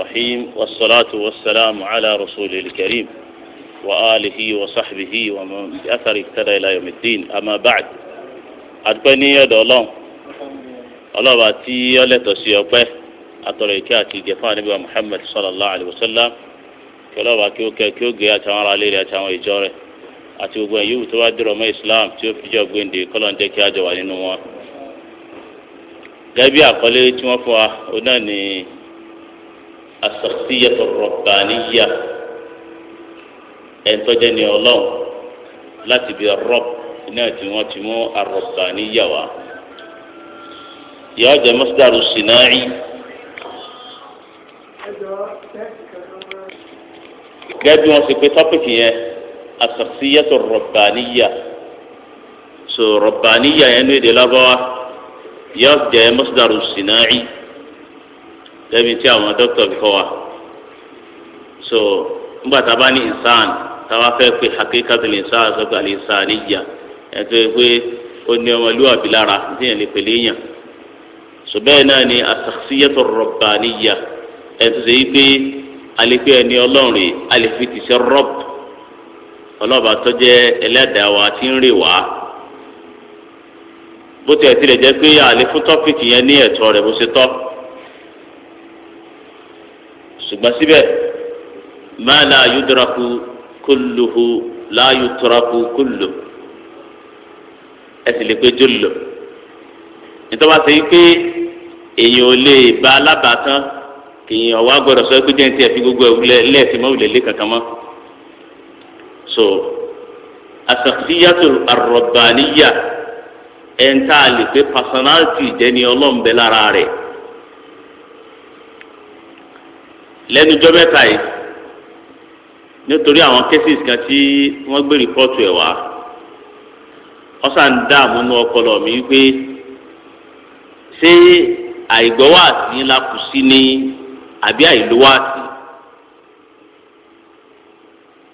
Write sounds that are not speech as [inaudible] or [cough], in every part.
الرحيم والصلاة والسلام على رسول الكريم وآله وصحبه ومن بأثر اقتدى إلى يوم الدين أما بعد أدبني يد الله الله باتي يلتو سيوبه أطريكا كي جفان نبي محمد صلى الله عليه وسلم كلا باكي وكي كي وكي أتعمر عليه أتعمر إجاره àti gbogbo ẹ̀yìn yòówù tó wá dúró ọmọ Islam tí ó fi jọ gbéǹde kọ́lọ̀ ń jẹ́ kí a jọ wà asọ̀síyàtọ̀ rọ̀bàníyà ẹ̀ńtọ́jẹ́ ni ọlọ́run láti bí rọ́b náà tí wọ́n ti mú arọ̀bàníyà wá. ìyá ọjà mọ́sídàrú sinai. gẹ́gẹ́ bí wọ́n ṣe pé tọ́pìkì yẹn asọ̀síyàtọ̀ rọ̀bàníyà so rọ̀bàníyà yẹn ní èdè lábọ́wá ìyá ọjà mọ́sídàrú sinai lẹ́bi tí àwọn dókítà kọ́ wa so nígbà tá a bá ní ìsàn tá a bá fẹ́ pé hakíkatì lè sá àzọ́gbà lè sá àníjà ẹ̀tọ́ pé ó ní ọmọlúwàbí lára tí yẹn lè pèlè yàn so bẹ́ẹ̀ náà ni àtàkìsíyẹ́tò rọ̀bà níyà ẹ̀tọ́ sẹ́yìn pé alẹ́pẹ́ ẹni ọlọ́run rè alẹ́fi ti sẹ́ rọ́b ọlọ́ba tó jẹ́ ẹlẹ́dàá wa ti ń rè wá bó tiẹ̀ tilẹ̀ jẹ́ pé àlẹ́ yẹn ní ẹ̀tọ́ rẹ̀ bó ṣe tọ́ ṣùgbọ́n síbẹ̀ máa la yudraku kulluhu la yutraku kulluhu ẹ sì lè pé jólò nítorí wọ́n ti yí pé èèyàn ò lè ba alábàátán èèyàn wá gbọ́dọ̀ sọ pé jẹ́ntì ẹ̀fín gbogbo ẹ̀ lẹ́ẹ̀tì mọ́ òlẹ̀lẹ́ kankan mọ́ so asàkíyàtò àrọ̀bàníyà ẹ̀ ń tà lè pé personality jẹ́ ni ọlọ́ọ̀nbẹ lára rẹ̀. lẹ́nu jọ́ mẹ́ta yìí nítorí àwọn cases kan tí wọ́n gbé rìpọ́ọ̀tù ẹ̀ wá ọ̀sà ń dààmú nú ọpọlọ mi wípé ṣé àìgbọ́wàsí la kù sí ni àbí àìlówàsí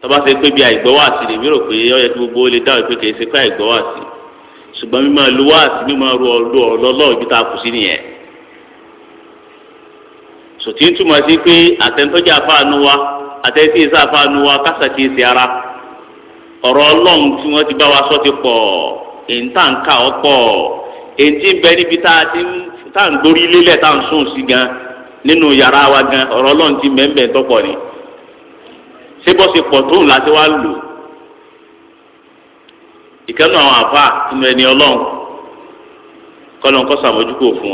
tọ́ba ṣe pé bí àìgbọ́wàsí lè mí rò pé ó yẹ kí gbogbo ó lè dáhùn pé kì í ṣe pé àìgbọ́wàsí ṣùgbọ́n mímọ́ lówàsí mímọ́ ru ọlọ́ọ̀lọ́ọ̀ ibi tá a kù sí nìyẹn. sòtì ń túmọ̀ sí pé àtẹnudọ́jà àfààní wa àtẹnudí ìsá àfààní wa kásàkì ìsì ara ọ̀rọ̀ ọlọ́run tí wọ́n ti bá wa sọ ti pọ̀ èntàǹkà ọ̀pọ̀ èntì bẹ níbi tá a ti ń tá à ń dorí lélẹ̀ tá à ń sùn sí gan nínú yàrá wa gan ọ̀rọ̀ ọlọ́run ti mẹ́mẹ́ tọ́pọ̀ ni síbọ̀sí pọ̀ tóun láti wá lò ìkànnì àwọn àfa nínú ẹni ọlọ́run kọ́lọ́n kọ́ sàmójúkò fún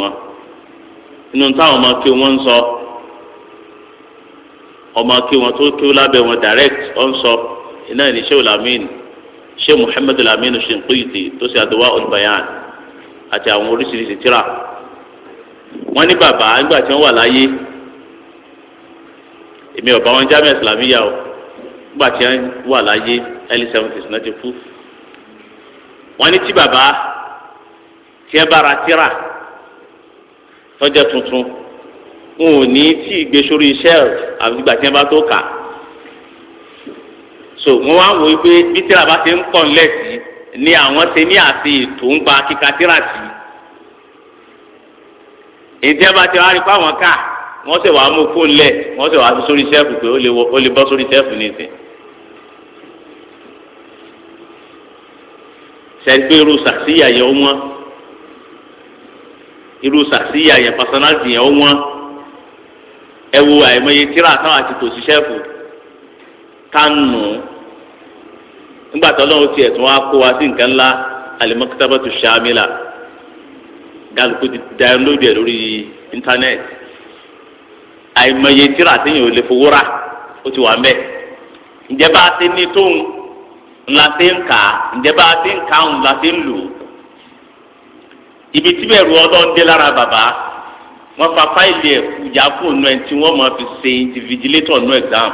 wọn táwọn ọmọ kí wọ́n ń sọ. So ọmọ kí wọn tó kí lábẹ́ wọn direct ọ̀nsọ iná ní shehu lamin shehu muhammed lamin shinqiti tó ṣe àdúrà olùbàyàn àti àwọn oríṣiríṣi tíra wọn ní bàbá nígbà tí wọn wà láyé èmi ọba wọn jámẹ islamiyà o nígbà tí wọn wà láyé early seventies náà ti kú wọn ní tí bàbá tí ẹ bára tíra tọjá tuntun wọn ò ní tí ì gbé sórí shelf àfìgbà tí wọn bá tó kà so wọn wá wò wípé bí tíra bá ti ń pọ̀ nílẹ̀ sí ni àwọn ti ní àti ètò ń gba kíka tíra sí ètí ẹ bá ti wá rí pé àwọn ká wọn sì wàá mú fóònù lẹ wọn sì wàá fi sórí sẹ́ẹ̀fù pé ó lè bọ́ sórí sẹ́ẹ̀fù nìsín. sẹ́ńpé irú sàṣìyà yẹn ó wọ́n irú sàṣìyà yẹn pàṣánàtì yẹn ó wọ́n. ewu wo àìmọye tíra táwọn àti tòsí sẹfù tánù nígbà tó lọ́wọ́ ti tó wá kó wa sí nǹkan ńlá al-maktabatu shamila gàlùkù ti dáńlódì ẹ̀ lórí íńtánẹ́ẹ̀tì àìmọye tíra téèyàn ò lè fowó rà ó ti wà mẹ́ẹ̀ ǹjẹ́ bá a ti ní tóun ńlá ti ń kà á ǹjẹ́ bá a ti ń kà á ńlá ti ń lò ibi tí bẹ́ẹ̀ rú ọlọ́run dé lára bàbá wọn fa fáìlì ẹ ìjà fún ònú ẹ tí wọn máa fi ṣe indivigilator nú exam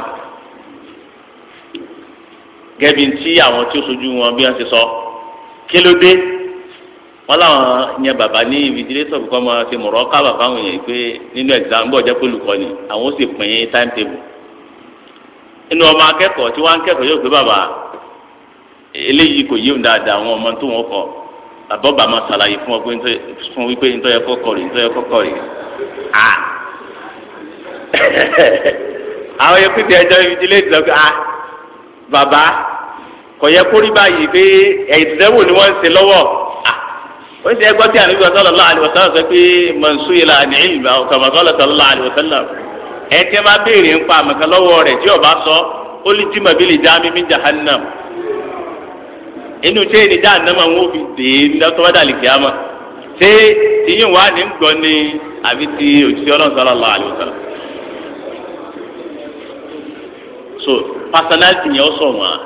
gẹbi ti àwọn tí ó sojú wọn bí wọn ṣe sọ kí wọn làwọn yẹn bàbá ní invigilator kọ́ máa ṣe mọ̀rọ́ kábà fáwọn yẹn pé nínú exam bọ̀ jẹ́ pólùkọ́ ni àwọn ó sì pín time table inú ọmọ akẹ́kọ̀ọ́ tí wọ́n á kẹ́kọ̀ọ́ yóò pé bàbá eléyìí kò yíwòn dáadáa àwọn ọmọ tó wọn kọ́ àbọ̀bà máa ṣàlàyé fún ọ pé fún wípé nítorí ẹ̀kọ́ kọ̀rì nítorí ẹ̀kọ́ kọ̀rì à [laughs] àwọn yẹn pété ẹjọ́ ìdílé ìdílé à bàbá kò yẹ kó rí báyìí pé ẹ̀dẹ́wò ni wọ́n ń ṣe lọ́wọ́ à wọ́n ti ẹgbọ́ tí àlejò sallallahu alaihi wasallam sọ pé mọ̀nsú yìí la ní ìlú kàmọ́sọ́lọ́ sallallahu alaihi wasallam ẹ̀ inú ṣé ní jahannama wọn ò fi dè é ní tọ́wọ́ dàlí kíámà ṣé tìyín wà ní gbọ́ ni àbí ti òjíṣẹ́ ọlọ́run so personality yẹn ó sọ̀ wọ́n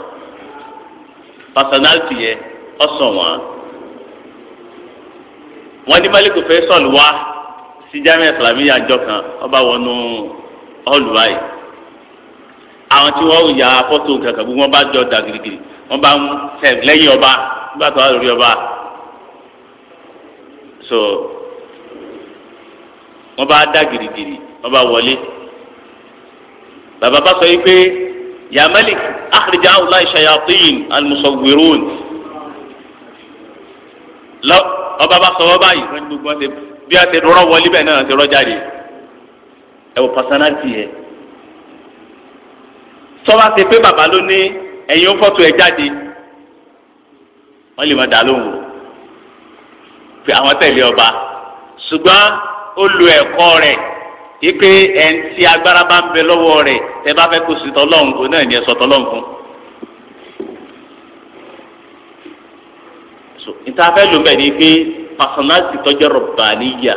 yẹn ó sọ̀ wọ́n ní malik fẹ́ sọ̀lù wá sí jamiu àjọ kan ọba wọnú àwọn tí yà bá jọ wọ́n bá ń tẹ̀ lẹ́yìn ọba nígbà tó wà lórí ọba so wọ́n bá dá girigiri wọ́n bá wọlé bàbá bá sọ yìí pé ya malik akhrija awla shayatin almusawwirun lọ ọba bá sọ wọ́n báyìí wọ́n gbogbo ọ̀sẹ̀ bí a ti rọ́ wọlé bẹ́ẹ̀ náà ti rọ́ jáde ẹ wò pàṣánátì yẹ sọ́wọ́ àti pé bàbá ló ní ẹ̀yin ó fọ́tò ẹ̀ jáde wọ́n lè má dá lóhùn pé àwọn tẹ̀lé ọba ṣùgbọ́n ó lo ẹ̀kọ́ rẹ̀ ipe ẹ̀ǹtí agbára bá ń bẹ lọ́wọ́ rẹ̀ ẹ bá fẹ́ kó sùtọ́ lọ́hùn kó náà ní ẹ sọ̀tọ́ lọ́hùn níta fẹ́ lò mẹ́rin pé pàṣánáàtì tọ́jú rọ̀bà níyà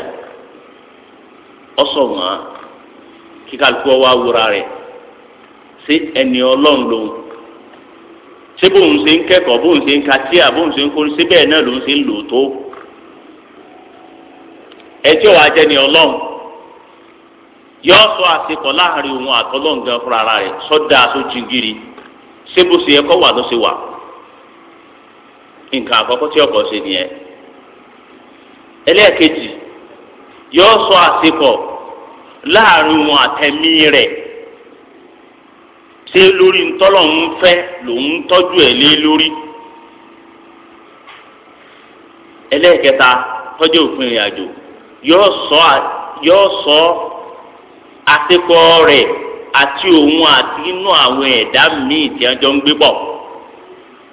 ọ̀sọ̀ wọn kíkàlùkù ọwọ́ awúra rẹ̀ sí ẹni ọlọ́run lòun sịbụ bóun ṣe ń kẹ́kọ̀ọ́ nka ṣe ń ka tíà bóun ṣe ń kó ṣé bẹ́ẹ̀ náà lòun ṣe ń sọ àsepọ̀ láàrin òun atọ gan fúnra ara rẹ̀ sọ́dà tó jingiri ṣé bó wà ló wà nǹkan àkọ́kọ́ tí ọkọ̀ nìyẹn ẹlẹ́ẹ̀kejì yọ sọ àsepọ̀ láàrin òun ṣé lórí ntọ́lọ̀ ń fẹ́ tọ́jú ẹ̀ lé ẹlẹ́ẹ̀kẹta tọ́jú òfin ìrìn àjò yóò sọ asekọ rẹ rẹ̀ àti òun àti inú àwọn ẹ̀dá míì tí a jọ ń gbé bọ̀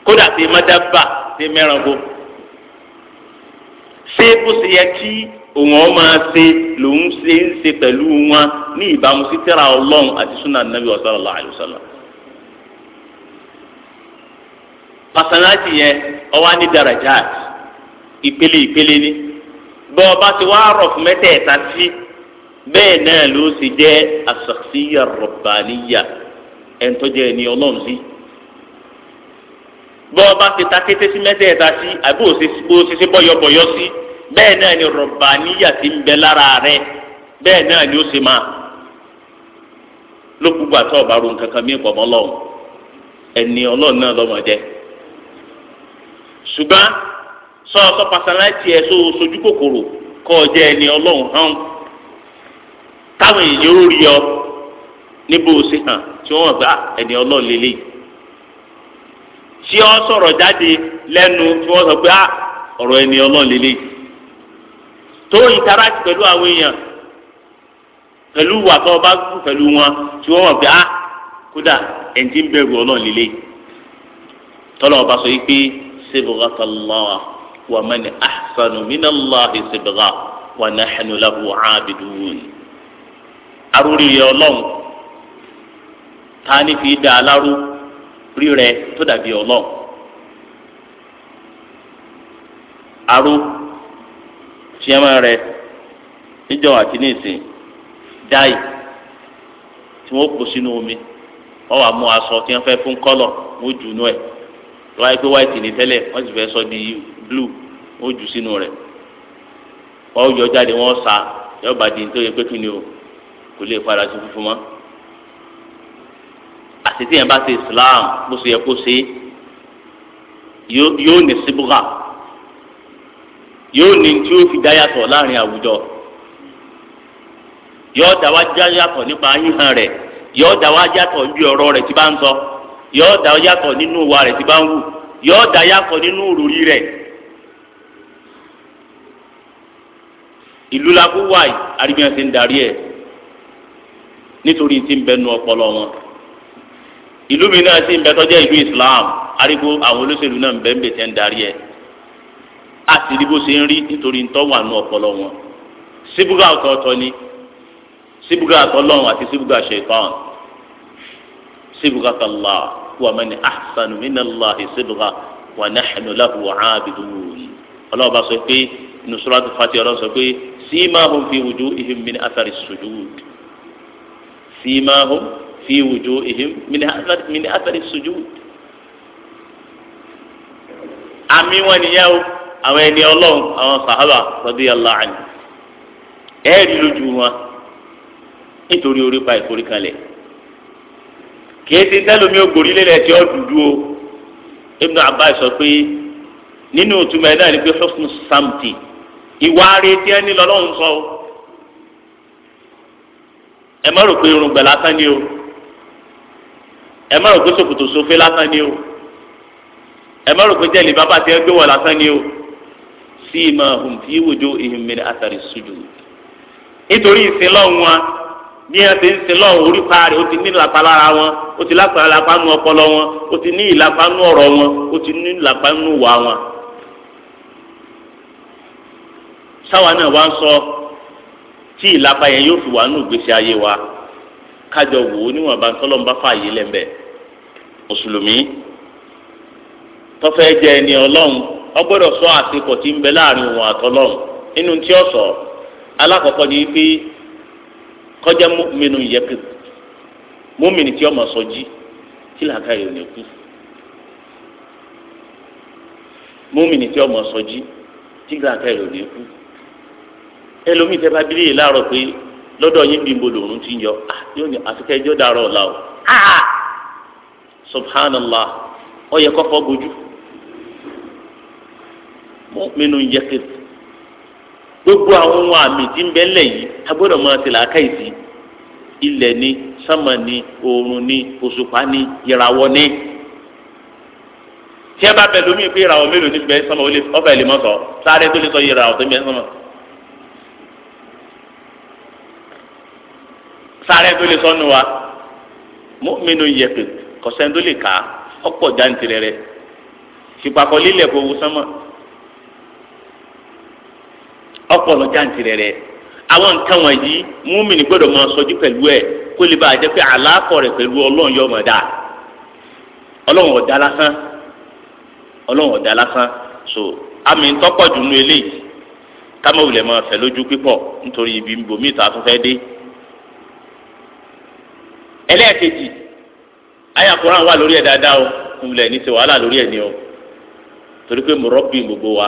kódà tí mọ́tàbà tí mẹ́ranko ṣé bó ọ máa ṣe ṣe ń ṣe pẹ̀lú wọn ní ìbámu sí tẹ́ra ọlọ́run àti hasanati yẹn ọwọ́ á ní darajat ìpele ìpele ni bọ́ ọba ti wá rọ̀ fún mẹ́tẹ̀ẹ̀ta sí bẹ́ẹ̀ náà ló sì jẹ́ asàkíyà rọ̀bàníyà ẹ̀ńtọ́jẹ́ ni ọlọ́run sí bọ́ ọba ti ta kété sí mẹ́tẹ̀ẹ̀ta sí àbí òṣìṣẹ́ bọ́yọ̀bọ̀yọ̀ sí bẹ́ẹ̀ náà ni rọ̀bàníyà ti ń bẹ lára rẹ̀ bẹ́ẹ̀ náà ni ó sì máa lókùgbà tó ọba ro nǹkan kan mí pọ̀ mọ́ ọlọ́run ẹni ṣùgbọ́n sọ́ọ̀sọ́ pàṣáláìtì ẹ̀ tó sojú kòkòrò kọ́ ọ jẹ́ ẹni ọlọ́run hàn táwọn èèyàn yóò rí ọ níbo ṣe hàn tí wọ́n gbà ah, ẹni ọlọ́run lélẹ̀ tí ọ sọ̀rọ̀ jáde lẹ́nu tí wọ́n sọ pé ah, ọ̀rọ̀ ẹni ọlọ́run lélẹ̀ tó interact pẹ̀lú àwọn èèyàn pẹ̀lú wà tó bá kú pẹ̀lú wọn tí wọ́n wọ̀n pé á ah, kódà ẹ̀ǹtí ń bẹ̀rù ọlọ́run líle tọ́lọ̀ ọba sọ yìí pé صبغة الله ومن أحسن من الله صبغة ونحن له عابدون arúrí yẹ ọlọ́run ta ni fi da alárú rí rẹ tó dàbí ọlọ́run arú tiẹ́mọ́ rẹ níjọ àti ní ìsìn dáì tí wọ́n kó sínú omi wọ́n wà mú aṣọ tí wọ́n fẹ́ fún kọ́lọ̀ wọ́n jù nú ẹ̀ lọ́wọ́ ayé pé white ni tẹ́lẹ̀ wọ́n sì fẹ́ sọ di blue ó jù sínú rẹ̀ wọ́n yọ jáde wọ́n sa yọ bá di nítorí pé kí ni o kò lè padà sí funfun mọ́ àti yẹn bá ṣe Islam bó ṣe yẹ kó ṣe yóò ní síbúrà yóò ní tí ó fi dá yàtọ̀ láàrin àwùjọ yóò dá wá dá yàtọ̀ nípa yíhan rẹ̀ yóò dá wá yàtọ̀ ju ọ̀rọ̀ rẹ̀ tí bá ń sọ. So yóò dá yàtọ̀ nínú wa rẹ̀ tí bá ń wù yóò dá yàtọ̀ nínú òròrí rẹ̀ ìlú la kó wáyé àríbíyàn ti ń ẹ̀ nítorí tí ń bẹ nu ọpọlọ wọn ìlú mi náà ti ń bẹ tọ́jú ìlú Islam arígbó àwọn olóṣèlú náà ń bẹ ń bẹ tẹ́ ń darí ẹ̀ àti ìdí bó ṣe ń rí nítorí ń tọ́ wà nu ọpọlọ wọn síbúgà ọ̀tọ̀ọ̀tọ̀ ni síbúgà tọlọ́run àti síbúgà ṣẹ̀tàn síbúgà tọlọ́run. ومن احسن من الله صبغه ونحن له عابدون الله بس في نصرة الفاتحة الله سبحانه سيماهم في وجوههم من أثر السجود سيماهم في وجوههم من أثر من أثر السجود أمي ونياو أمين الله أو صحابة رضي الله عنه أهل الجمعة إنتوا يوري إيه باي كوري kìí ti tẹ́lómi ògòrí lélẹ̀ tí ó dúdú o Ibn Abbas sọ pé nínú ìtumọ̀ ẹ̀ náà ni pé husnu samti ìwà retí ẹni lọ́lọ́run sọ o ẹ má rò pé irun gbẹ lásán ni o ẹ má rò pé ṣòkòtò sófé lásán ni o ẹ má rò pé jẹ́lì bàbá tí ẹ gbé wọ̀ lásán ni o sí ìmọ̀ ọ̀hún fi wujuhihim min athari sujud nítorí ìsìn lọ́hùn wa. bí wọn ti ń sin lọ orí paari o ti ní lára wọn o ti lápá lápá ọpọlọ wọn o ti ní ìlàpá nu wọn o ti ní ìlàpá wà wọn. sáwa náà wá ń sọ tí ìlàpá yẹn yóò fi wà nù gbèsè ayé wa kájọ wò ó níwọ̀n bá ń mùsùlùmí sọ àsìkò tí ń kọjá mọmìnú yẹpẹ mọmìnì tí ọmọ sọ jí tí làákà yìí ò ní kú mọmìnì tí ọmọ sọ jí tí làákà yìí ò ní kú ẹlòmíì tẹ bá bílẹ̀ láàárọ̀ pé lọ́dọ̀ yín bí mo lòrùn ti yọ ah, yóò ní àfikẹ́jọ́ dàrọ̀ ọ̀la o ah! subhanallah ó fọ́ bójú mọmìnú yẹpẹ gbogbo àwọn ohun àmì tí ń bẹ lẹ̀ yìí a gbọ́dọ̀ máa ti làákà ìsì ilẹ̀ ni sánmà ni oòrùn ni òṣùpá ni ìràwọ̀ ni tí ẹ bá bẹ lómi pé ìràwọ̀ mélòó ní bẹ sánmà ọbẹ lè mọ sọ sáré tó lè sọ ìràwọ̀ tó ń bẹ sánmà sáré tó lè sọ nù wa mọ́mínú yẹpẹ kọ̀sẹ́ńtò lè kà á ọ̀pọ̀ jàǹtìrẹrẹ ìpàkọ́ lílẹ̀ kò wù sánmà. ọpọlọ jáǹtìrẹ rẹ àwọn nǹkan wọ̀nyí múmìnì gbọ́dọ̀ máa sọjú pẹ̀lú ẹ kó lè bàa jẹ́ pé àlàkọ̀ rẹ̀ pẹ̀lú ọlọ́run yóò máa dà ọlọ́run lásán lásán so àmì ńtọ́pọ̀ jù eléyìí kámẹ́ máa fẹ lójú nítorí ibi dé ẹlẹ́ẹ̀kejì wà lórí ẹ̀ dáadáa o kùnlẹ̀ ní ti wàhálà lórí ẹ̀ o torí pé gbogbo wa.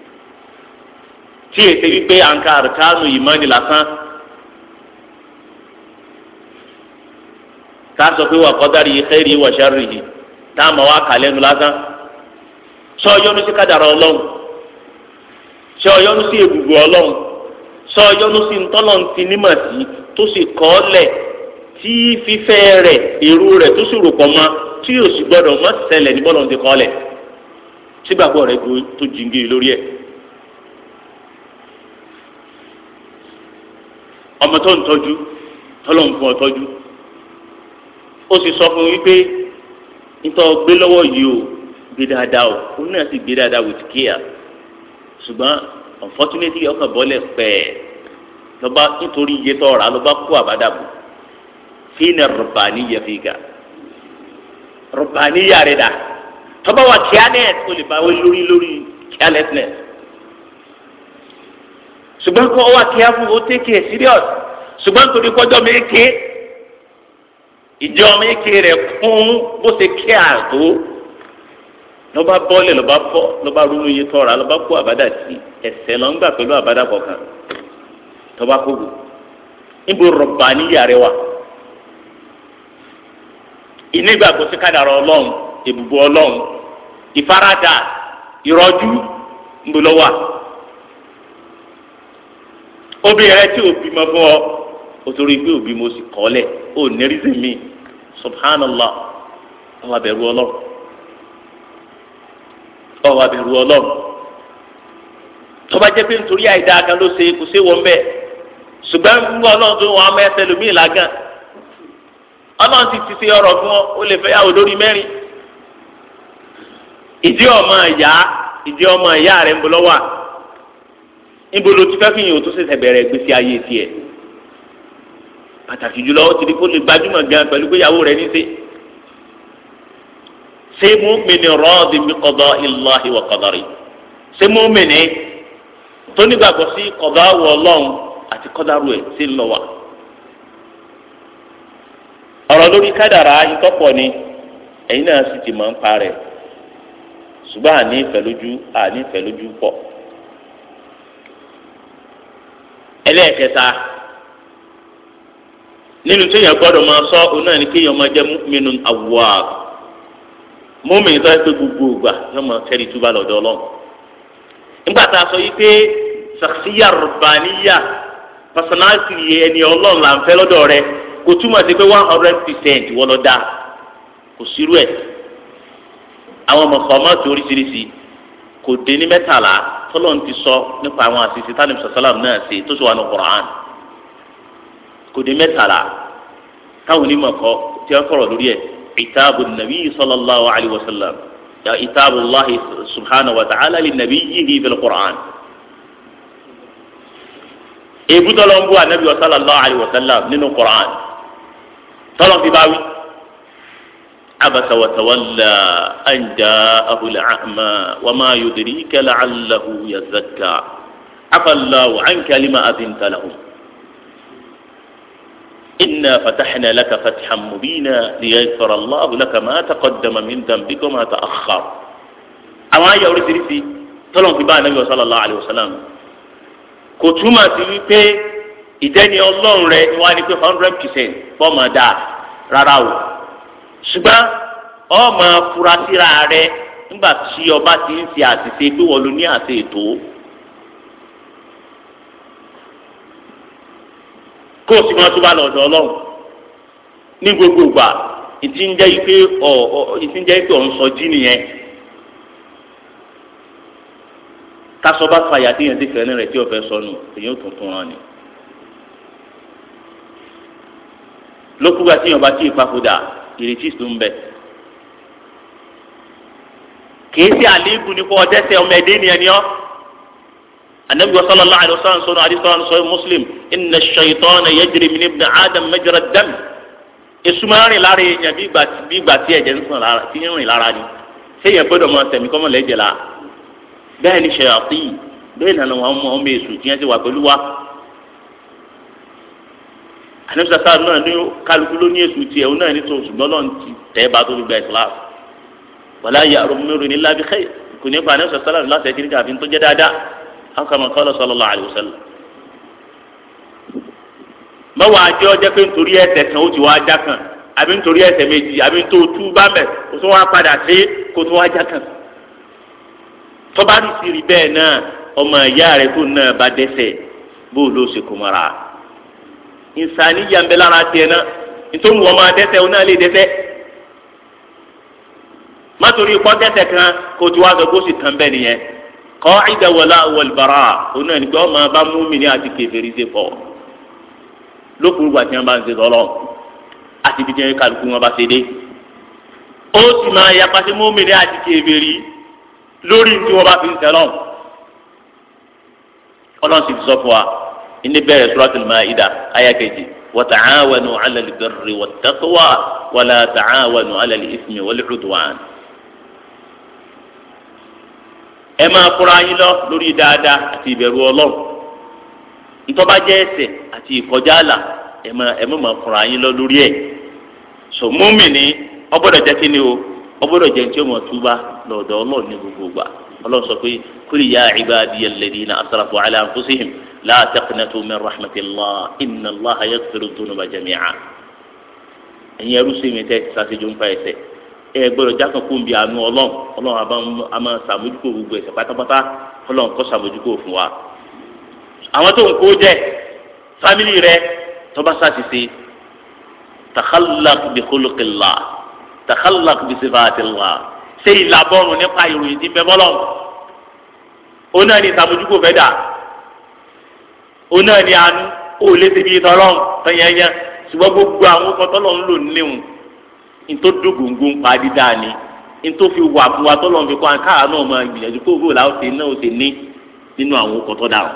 tí èsè wípé àǹkà àrùkánù ìmánì lásán káàsọ pé wà kọ́dárì xẹ́rì wà sáré yìí táàmù wa kà lẹ́nu lásán sọ yọnu sí kádàrá ọlọ́run sọ yọnu sí ègbùgbù ọlọ́run sọ yọnu sí ntọ́lọ́n ti nímọ̀ sí tó sì kọ́ lẹ̀ tí fífẹ́ rẹ̀ èrú rẹ̀ tó sì rò pọ̀ mọ́ tí yóò sì gbọ́dọ̀ mọ́ ṣẹlẹ̀ ní bọ́lọ̀ ti kọ́ lẹ̀ sígbàgbọ́ rẹ̀ tó jìngiri lórí ẹ̀. ọmọ tó ń tọ́jú tọ́lọ̀ ń fún ọ tọ́jú ó sì sọ fún wípé nítorí ọ gbé lọ́wọ́ yìí o gbé dáadáa o òun náà sì gbé dáadáa with care ṣùgbọ́n unfortunately ọkàn bọ́lẹ̀ pẹ́ẹ́ lọ́ba nítorí iye tó rà lọ́ba kú àbádàbò fínà rọ̀bàní yẹ fi ga rọ̀bàní yàrá dà tọ́ba wà kíá nẹ́ẹ̀t ó lè bá wọlé lórí lórí carelessness. ṣùgbọ́n kó wà kí á o take serious ṣùgbọ́n torí kọjọ́ mi ìjọ mi rẹ̀ kún bó ṣe ké àtó lọ́ba bọ́ọ̀lẹ̀ lọ́ba fọ́ lọ́ba rúnú iye tọ́ra lọ́ba kó àbádà sí ẹsẹ̀ gbà pẹ̀lú àbádà kọ̀ọ̀kan kó níbo rọ̀bà níyà rẹ wà sí ọlọ́run ọlọ́run obìnrin rẹ tí òbí ma fún ọ òtòrí pé òbí mo sì kọ́ o ó nẹ́rìsì mi subhanallah ọwọ́ abẹ̀rù ọlọ́run ọwọ́ abẹ̀rù ọlọ́run tọ́ba jẹ́ pé nítorí àìdá kan ló ṣe kò ṣe wọ́n bẹ́ẹ̀ ṣùgbọ́n wíwú ọlọ́run tó wọn ọmọ lómi ọlọ́run ti ti ṣe fún ọ lè fẹ́ níbo ló ti fẹ́ fi yàn tó ṣẹ̀ṣẹ̀ bẹ̀rẹ̀ gbèsè ayé tiẹ̀ pàtàkì jùlọ ó ti di kó lè gbajúmọ̀ gan pẹ̀lú pé ìyàwó rẹ̀ ní ṣe ṣé mọ́mìnì rọ́ọ̀dì mi kọ́dọ̀ ìlọ́hì wà kọ́dọ̀rì ṣé mọ́mìnì tó nígbàgbọ́ sí kọ́dọ̀ àwọ̀ ọlọ́run àti kọ́dọ̀rù ẹ̀ sí ń lọ wà. ọ̀rọ̀ lórí kádàrá ìtọ́pọ̀ ni ẹ̀yin náà sì ti máa ń parẹ́ ṣùgbọ́n àní ìfẹ́ àní ìfẹ́ lójú ẹlẹ́ẹ̀kẹta nínú tí èèyàn gbọ́dọ̀ máa sọ òun náà ni kí èèyàn máa jẹ́ mímu àwùwà mọ́mìnì tó yẹ pé gbogbo ògbà yóò máa tẹ́lẹ̀ túbà lọ́dọ̀ ọlọ́run nígbà tá a sọ yìí pé sàkíyà rọ̀bàníyà pàṣánáàtì ẹni ọlọ́run là ń fẹ́ lọ́dọ̀ rẹ kò túmọ̀ sí pé one hundred percent wọ́n lọ dáa kò sírú ẹ̀ àwọn tó oríṣiríṣi kò dé ní mẹ́tàlá tọ́lọ́n ti sọ nípa àwọn àṣìṣe tánìm sàlám náà ṣe tó ṣe wà ní Qur'an kò dé mẹ́tàlá táwọn onímọ̀ kọ́ tí wọ́n kọ̀rọ̀ lórí ẹ̀ ìtààbù nàbí sallallahu alayhi wa sallam ìtààbù Allahi subhanahu wa ta'ala li nàbí yìí bil Qur'an. èbú tọ́lọ́n bú ànábì sallallahu alayhi wa sallam nínú Qur'an tọ́lọ́n fi bá wí. عبس وتولى أن جاءه الأعمى وما يدريك لعله يزكى عفى الله عنك لما أذنت لهم إنا فتحنا لك فتحا مبينا ليغفر الله لك ما تقدم من ذنبك وما تأخر àwọn ayé oríṣiríṣi tọ́lọ́n fi bá anabi sallallahu alayhi wa sallam kò túmọ̀ sí wípé ìdẹ́ni ọlọ́run rẹ wá ní pé hundred percent fọ́ọ̀mù dáa rárá o ṣùgbọ́n ọmọ afurasíra rẹ nígbà tí ọba ti ń ṣe àṣìṣe pé wọ́n ló ní àṣẹ ètò kó o sì máa tún bá lọ ọ̀dọ̀ ọlọ́run ní gbogbo ìgbà ìtí ń jẹ́ pé ọ̀ ìtí ń jẹ́ pé ọ̀ ń sọ jí nìyẹn tasọ bá fa yàtí yẹn ti fẹ́ẹ́ rẹ̀ tí o sọnù èyàn tó tún wọn ni. lókùgbà tí yẹn bá tí ì papòdà ìrètí tó ń bẹ kìí ṣe àléébù nípa ọdẹsẹ ọmọ ẹdẹ ni ẹni ọ anabi wa sallallahu alayhi wa sallam sọnù adi sọnù sọyìn muslim inna shaytana yajri min ibn adam majra dam esumarin lára èèyàn bí gbà tí bí gbà tí ẹ̀jẹ̀ ń sàn lára tí ń rìn lára ni séèyàn gbọ́dọ̀ máa kọ́mọ lẹ́jẹ̀ la bẹ́ẹ̀ ni ṣèyàtì bẹ́ẹ̀ nana wọn mọ ọmọ èṣù tiẹ́ ti wà pẹ̀lú wa àníṣe sáà náà ní kálukú ló ní èsù tiẹ̀ òun náà ní tó ṣùgbọ́n náà ti tẹ́ bá tó fi gba ìsìláàmù wàlá yà rọmọmọrin ní lábí xẹ́ kò ní fa àníṣe sáà láti ẹ̀kí nígbà àfi tó jẹ́ dáadáa àwọn kan máa kọ́lọ̀ sọlọ́lá àlùsọ́lá. mọ́wàá àjọ jẹ́ pé nítorí ẹ̀ṣẹ̀ kan ó ti wá já kan àbí nítorí ẹ̀ṣẹ̀ méjì àbí tó tú bá mẹ́ kó tó wá padà sí kó tó wá já kan. tọ́ba ní siri bẹ́ẹ̀ náà ọmọ ìyá rẹ̀ tó náà bá dẹ́ṣẹ̀ bó ló ṣe kó mọ́ra ìsàníyà ń bẹ lára tiẹ̀ náà nítorí wọn máa dẹ́ṣẹ̀ wọn náà lè dẹ́ṣẹ̀ mọ́tòrí kọ́ dẹ́ṣẹ̀ kan kó tí wàá sọ kó sì tán bẹ́ẹ̀ nìyẹn kọ́ ìdáwọlá wọlbàrà òun náà nígbà wọn máa bá múmìnì àti kèfèrí ṣe pọ̀ lókùnrin gbà tí wọn bá ń ṣe lọ́lọ́ àti ibi tí wọn kálukú wọn bá ṣe dé ó sì máa yapa sí múmìnì àti kèfèrí lórí tí wọn bá fi ń ṣe lọ́wọ́ ọlọ́run sì fi sọ wa ní bẹ̀rẹ̀ suratul maida aya kejì wa ta'awanu 'ala al-birri wat-taqwa wa la ta'awanu 'ala al-ithmi wal-'udwan. ẹ máa fura yín lọ lórí dáadáa àti ìbẹ̀rù ọlọ́run ntọ́ba jẹ́ ẹ̀ṣẹ̀ àti ìkọjá àlà ẹ máa ẹ máa fura yín lọ lórí ẹ̀ so mùmínì ó gbọ́dọ̀ jẹ́ kí ni o ó gbọ́dọ̀ jẹ́ tí ó mọ̀ túbá lọ́dọ̀ ọlọ́run ní gbogbo gbà ọlọ́run sọ pé kúlì yá ibadiya alladhina asrafu ala anfusihim la taqnatu min rahmatillah inna allaha yaghfiru dhunuba jami'a ẹ̀yin ẹrú sí mi tẹ́ sàṣejù ń fa ẹsẹ̀ ẹ gbọ́dọ̀ jákàn kó ń bi àánú ọlọ́run ọlọ́run a máa sàmójúkò gbogbo ẹ̀ṣẹ̀ pátápátá ọlọ́run kó sàmójúkò fún wa. àwọn tó ń kó jẹ fámìlì rẹ tọ́ba sàṣìṣe takhallaq bi khuluqillah takhallaq bi sifatillah se ìlàbọ̀rùn nípa ìròyìn tí ń bẹ bọ́lọ̀ òun náà ni ìsàmójúkò fẹ́ dà òun náà ni àánú ó lé síbi ìtọ́lọ́run tọ́yẹ̀yẹ ṣùgbọ́n gbogbo àwọn ọkọ̀ tọ́lọ̀ ń lò níléhùn ní dùn gbòǹgbò pa dídá ni ní fi wà fún wa tọlọ ń fi kọ́ àǹkárá náà máa gbìyànjú kó òwúrò làwọn ṣe náà ṣe ní nínú àwọn ọkọ̀ tọ́ dàrún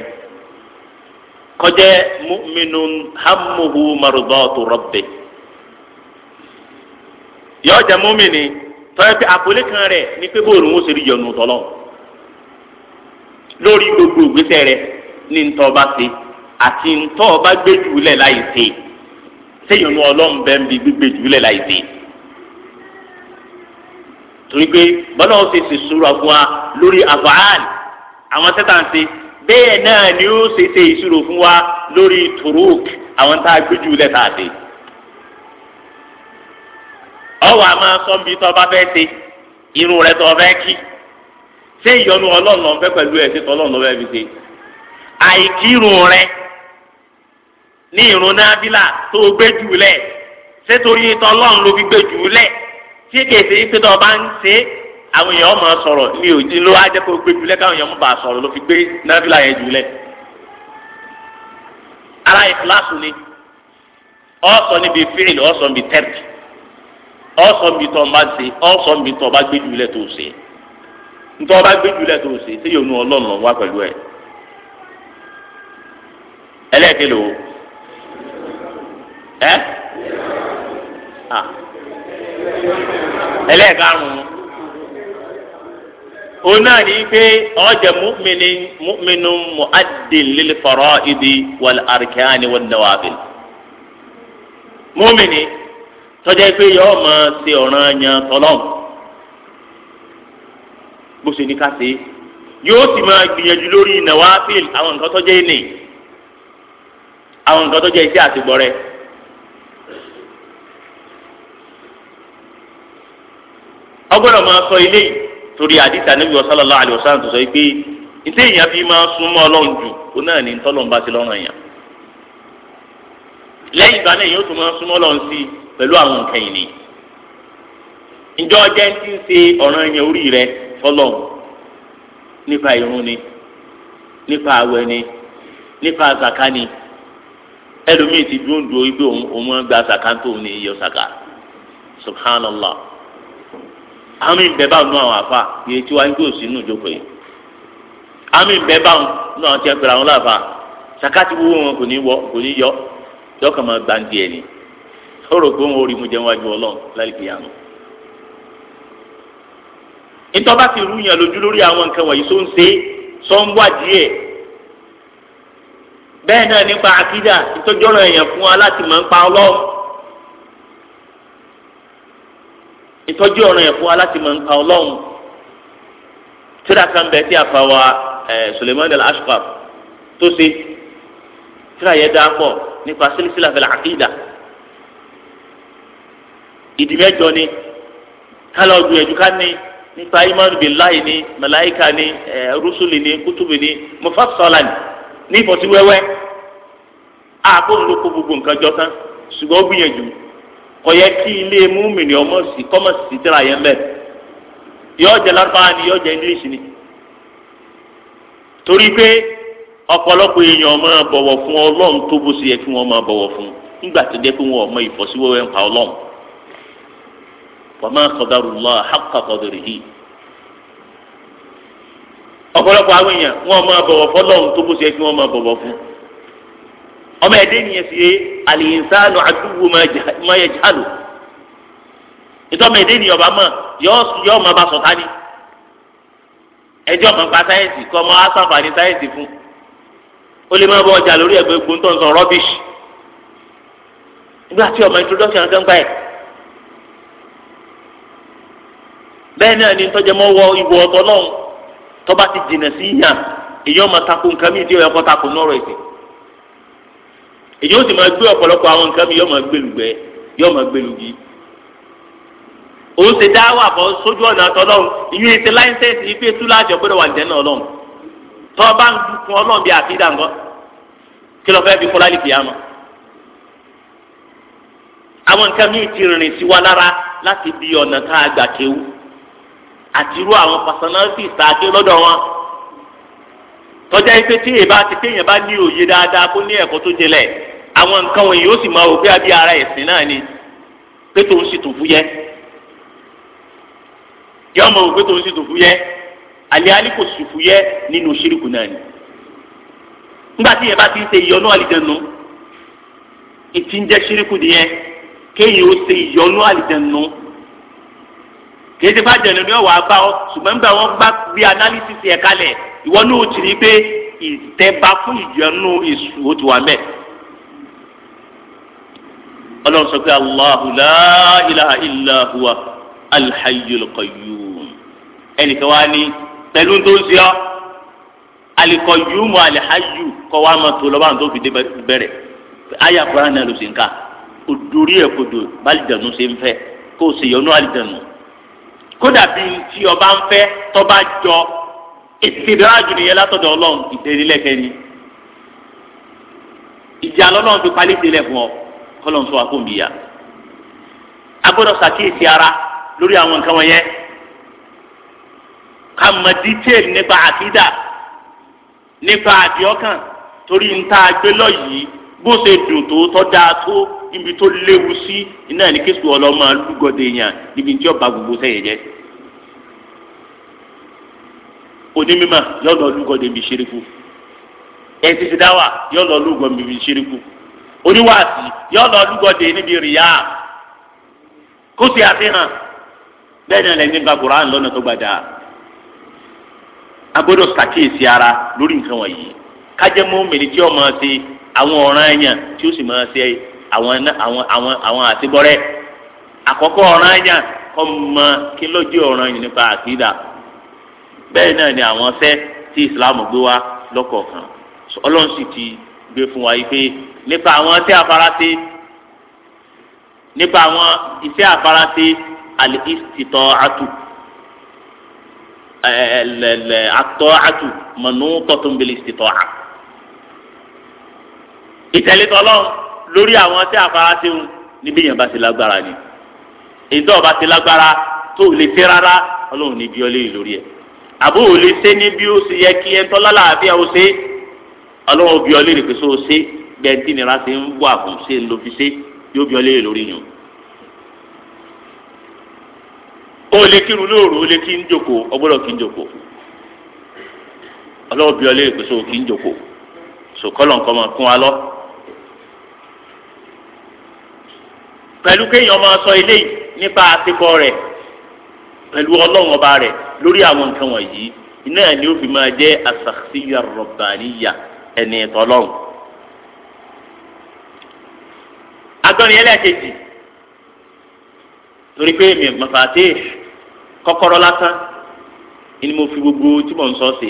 ní kọjẹ mu'minu hamuhu marudọtu rọbẹ yọọ jẹ mumini tọyẹ pé àpòlé kan rẹ̀ ní pé bóòlù ń sèré yọnu tọlọ lórí gbogbo ìgbésẹ̀ rẹ̀ ní ntọba ṣe àti ntọba gbẹdúlẹ láì ṣe sẹyọnu Ọlọ́run bẹ ń bi gbẹdúlẹ láì ṣe torí pé bọlọ ṣe ṣe sùúrù lórí àbáàlì àwọn tẹtà bẹ́ẹ̀ náà ni ó ṣe ṣe ìṣirò fún wa lórí turuk àwọn tá a gbójú lẹ́tà dé. ọwọ́ a máa sọ bí tọ́ba fẹ́ ṣe irun rẹ tọ́ fẹ́ kí ṣé ìyọnu ọlọ́run lọ́n fẹ́ pẹ̀lú ẹ̀ ṣe tọ́lọ́run lọ́wọ́ ẹ̀ fi ṣe. àìkírun rẹ ní irun nábìlà tó gbéjú lẹ̀ ṣé torí tọ́lọ́run ló fi gbéjú lẹ̀ ṣé kèsì pé tọ́ba ń ṣe é àwọn èèyàn ọmọ sọ̀rọ̀ ní òjì ló wá jẹ́ kó gbé jùlẹ̀ káwọn èèyàn bá sọ̀rọ̀ ló fi gbé náfìlà yẹn jùlẹ̀ ara ìkíláàsì ni níbi fíìl ọsọ níbi tẹ́ẹ̀kì ọsọ níbi tó bá ṣe ọ̀sọ̀ níbi tó bá gbé tó ṣe ntọ́ bá gbé tó ṣe ṣé yóò nu wá pẹ̀lú ẹ̀ o ona ni pe ọjà mu'mini mu'minu mu'addin lil fara'idi wal arkani wal nawafil mu'mini tọjá pé yọọ ma ṣe ọ̀ràn yan tọlọm bó ṣe ní ká ṣe yóò sì máa gbìyànjú lórí nawafil àwọn nǹkan tọjá ẹni àwọn nǹkan tọjá iṣẹ́ àtìgbọrẹ. ọgbọ́dọ̀ máa sọ ilé yìí torí àdìsá níbi sallallahu alaihi wasallam tó sọ pé ìdí èèyàn fi máa súnmọ́ ọlọ́run jù ó náà ní tọ́lọ́run bá ti lọ́rùn èèyàn lẹ́yìn ìgbà náà èèyàn ó tún máa súnmọ́ ọlọ́run sí pẹ̀lú àwọn nǹkan ìní ìjọ ọjọ́ ń ti ń ṣe ọ̀ràn èèyàn orí rẹ fọlọ́run nípa ìrun ni nípa àwẹ̀ ni nípa àsàká ni ẹlòmíì ti dúró dúró wípé òun máa gba àsàká tó ní iye ọ̀sàká subhanallah àmì ìbẹ́bà nù àwọn àfa iye tí wàá ń gbé òsì nù jókòó yìí àmì ìbẹ́bà nù àwọn tí wọ́n pèrè àwọn láfa sakati wo wọn kò ní wọ kò ní yọ yọkàn ni ó rò pé wọn ò rí mu jẹun wájú Ọlọ́run lálùkì yàrá ìtọ́ba ti rú yàn lójú lórí àwọn nǹkan wọ̀nyí só ń ṣe sọ ń wá náà nípa àkídà ìtọ́jọ́rọ̀ èèyàn fún wa láti máa ń pa Ọlọ́run ìtọ́jú ọ̀ràn yẹn fún wa láti mọ̀ nípa ọlọ́run tíra kan bẹ tí a fa wa ẹ Suleiman al-Ashqaf tó ṣe tíra yẹn dáa pọ̀ nípa sílísílà fil àkídà ìdí mẹ́jọ ni kálọ̀ gbìyànjú ká ní nípa imanu billahi ni malaika ni rusuli ni kutubi ni mufassalan ni ní ìfọ̀síwẹ́wẹ́ àbọ̀ ńlọkọ gbogbo nǹkan jọ tán ṣùgbọ́n gbìyànjú. kọyẹ kí ilé múmìnì ọmọ sí kọmọ sí tíra yẹn bẹ yọ jẹ lárúbáwá ni jẹ english ni torí pé èèyàn fún tó bó wọn fún nígbà tó jẹ pé wọn ò mọ ìfọsíwẹ́wẹ́ ń pa Ọlọ́run wàmà qadarullah haqqa qadrihi ọ̀pọ̀lọpọ̀ àwọn èèyàn wọn máa bọ̀wọ̀ fún Ọlọ́run tó bó ṣe wọn ọmọ ẹdẹ nìyẹn sì yé àlìyénsánu àdúgbò máa yẹ jálò ìtọ́mọ ẹdẹ nìyẹn ọba mọ yọ ọmọ bá sọ̀tá ni ẹjọ́ ọmọ gba sáyẹ́ǹsì kọ́ ọmọ asáfà ní sáyẹ́ǹsì fún ó lè má bọ ọjà lórí ẹgbẹ́ egun tó ń sọ rọ́bìṣì nígbà tí ọmọ introduction kan gbà ẹ̀ bẹ́ẹ̀ náà ni tọ́jà mọ́ wọ ìwọ ọ̀tọ̀ náà tọ́ba ti jìnà sí yàn èyí ọmọ takò nǹkan mìíràn tí ó yẹ kó takò èyí ó sì máa gbé ọ̀pọ̀lọpọ̀ àwọn nǹkan mi yọ máa gbẹlùgbẹ yọ máa gbẹlùgì ṣe dá wà bọ́ sójú ọ̀nà àtọ́lọ́hún ìyẹn ti láìsẹ̀nsì yìí pé túláàjọ gbọ́dọ̀ wà jẹ́ náà ọlọ́run tọ́ bá ń dúkun ọlọ́run bíi àfi dàńgọ́ kí lọ́ọ́ fẹ́ fi kọ́lá lìkì àmọ́ àwọn nǹkan mi ti rìnrìn sí wa lára láti ọ̀nà àwọn lọ́dọ̀ wọn tí èèbá ti kéèyàn bá àwọn nǹkan wọ̀nyí yóò sì máa wò pé àbí ara ẹ̀sìn náà ni pé tó ń sì tó fúyẹ́ yọ ọmọ wò pé tó ń sì tó fúyẹ́ àlẹ́ alẹ́ kò sì fúyẹ́ nínú ṣírìkù náà ni nígbà tí yẹn bá ti ń ṣe ìyọnú àlìjẹnu ìtì ń jẹ ṣírìkù nìyẹn kéèyàn ó ṣe ìyọnú àlìjẹnu kìí ṣe fàjẹnu ni ọwọ abá ọ ṣùgbọ́n nígbà wọn gbá bí analysis yẹ kalẹ̀ ìwọ ní o tì ní pé ìtẹ̀bá fún ìyọnú èṣù ó ti wà mẹ́ẹ̀ ọlọ́run sọ pé Allahu la ilaha illa huwa al-hayyul qayyum ẹnìkan wá ní pẹ̀lú tó ń ṣe ọ́ al-qayyum al-hayyu kọ́ wa máa tó lọ́wọ́ àwọn tó fi dé bẹ̀rẹ̀ àyà Kùránì náà ló ṣe ń kà ó dorí ẹ̀ kodò bálìdànù ṣe ń fẹ́ kó o ṣe yọnú àlìdànù kódà bí tí ọba ń fẹ́ tọ́ba jọ ìsìndájú nìyẹn látọ̀dọ̀ ọlọ́run ìdẹ́nilẹ́kẹ́ ìjà lọ́lọ́run ti palẹ́ ìdílẹ̀ fún ọ kọ́lọ̀ ń sọ àkóhùn bìyà a gbọ́dọ̀ ṣàkíyèsí ara lórí àwọn nǹkan wọ̀nyẹn ká mọ dítẹ́ẹ̀lì nípa àkídà nípa àdìọ́kàn torí ń tá a gbé lọ yìí bó ṣe dùn tó tọ́ dáa tó ibi tó léwu sí iná ní kí sùn ọlọ́mọ lúgọ̀dẹ̀ yàn níbi tí ọba gbogbo sẹ́yìn jẹ́ onímọ̀ yọ̀ọ́ lọ lúgọ̀dẹ̀ bí ṣeréfù ẹ̀ ti ti dá wà yọ̀ọ́ lọ lúgọ̀dẹ̀ bí ṣeréfù. oníwàásí yọ lọ lúgọdẹ níbi rìyà kó sì àfihàn bẹ́ẹ̀ náà lẹ́yìn nípa Kùránì lọ́nà tó gbàdá a gbọ́dọ̀ ara lórí nǹkan wọ̀nyí kájẹ́ mọ́mìnì tí ó máa ṣe àwọn ọ̀ràn tí ó sì máa ṣe àwọn àwọn àwọn àwọn mọ kí nípa náà ni àwọn tí Islam gbé sì ti gbé fún wa yìí pé nípa àwọn iṣẹ́ àfarasí nípa àwọn iṣẹ́ àfarasí alìsítọ àtù ẹlẹlẹ atọ àtù mọnú tọtúnbìlì sítọ à. ìtẹ̀lẹ́tọ̀ ọlọ́run lórí àwọn iṣẹ́ àfarasí ń níbí yẹn bá ti lágbára ni ìdọ́ ọba ti lágbára tó lè ṣe rárá ọlọ́run ní bí ọlẹ́yìn lórí ẹ̀ àbúrò lè ṣe ní bí ó ṣe yẹ kí ẹ tọ́lá làbí ó ṣe é ọlọ́wọ́ bí ọlẹ́ rẹ̀ pé sóò ṣe bẹ́ntì nira ṣe ń wà fún ṣe ń lo fi ṣe yóò bí ọlẹ́ rẹ̀ lórí yàn. ó lè kírun lóòrò ó lè kí ń jòkó ọgbọ́dọ̀ kí ń jòkó ọlọ́wọ́ bí ọlẹ́ rẹ̀ pé sóò kí ń jòkó sòkọ́lọ̀ nǹkan máa kún wa lọ. pẹ̀lú kéèyàn máa sọ eléyìí nípa àtikọ rẹ̀ pẹ̀lú ọlọ́run ọba rẹ̀ lórí àwọn nǹkan wọ̀nyí iná ẹ̀ ni ó fi máa jẹ́ àṣàṣìyà rọ̀bàníyà ẹni ìtọ́lọ́hùn. agbọ́nrin ẹlẹ́ẹ̀kejì torí pé èmi mọ̀fàtí kọ́kọ́rọ́ lásán ni mo fi gbogbo tí mò ń sọ sí.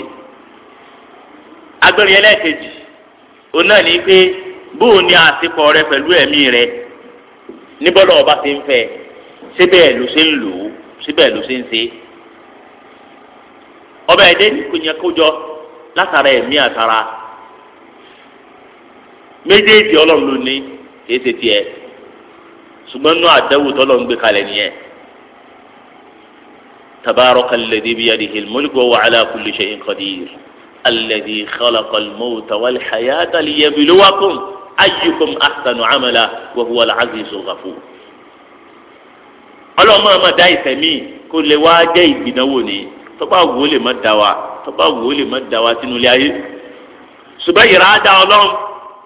agbọ́nrin ẹlẹ́ẹ̀kejì òun náà ní pé bóun ni rẹ pẹ̀lú ẹ̀mí rẹ níbọ̀lọ̀ ọba ti ń fẹ́ síbẹ̀ ló ṣe ń lò ó síbẹ̀ ló ṣe ń ọba ẹ̀dẹ́ méjèèjì ọlọ́run ló ní kì í ṣe tiẹ̀ ṣùgbọ́n nínú àdánwò tọ́lọ́run gbé kalẹ̀ nìyẹn tabaraka alladhi biyadihi almulku wa ala kulli shay'in qadir alladhi khalaqa almawta wal hayata liyabluwakum ayyukum ahsanu amala wa huwa al-azizul ghafur. ọlọ́run máa ma dá ìsẹ̀mí kó lè wá jẹ́ ìgbìnàwó ni tọ́ba wo má da wa tọ́ba wo má da wa sínú ilé ayé ṣùgbọ́n ìrà á dá ọlọ́run.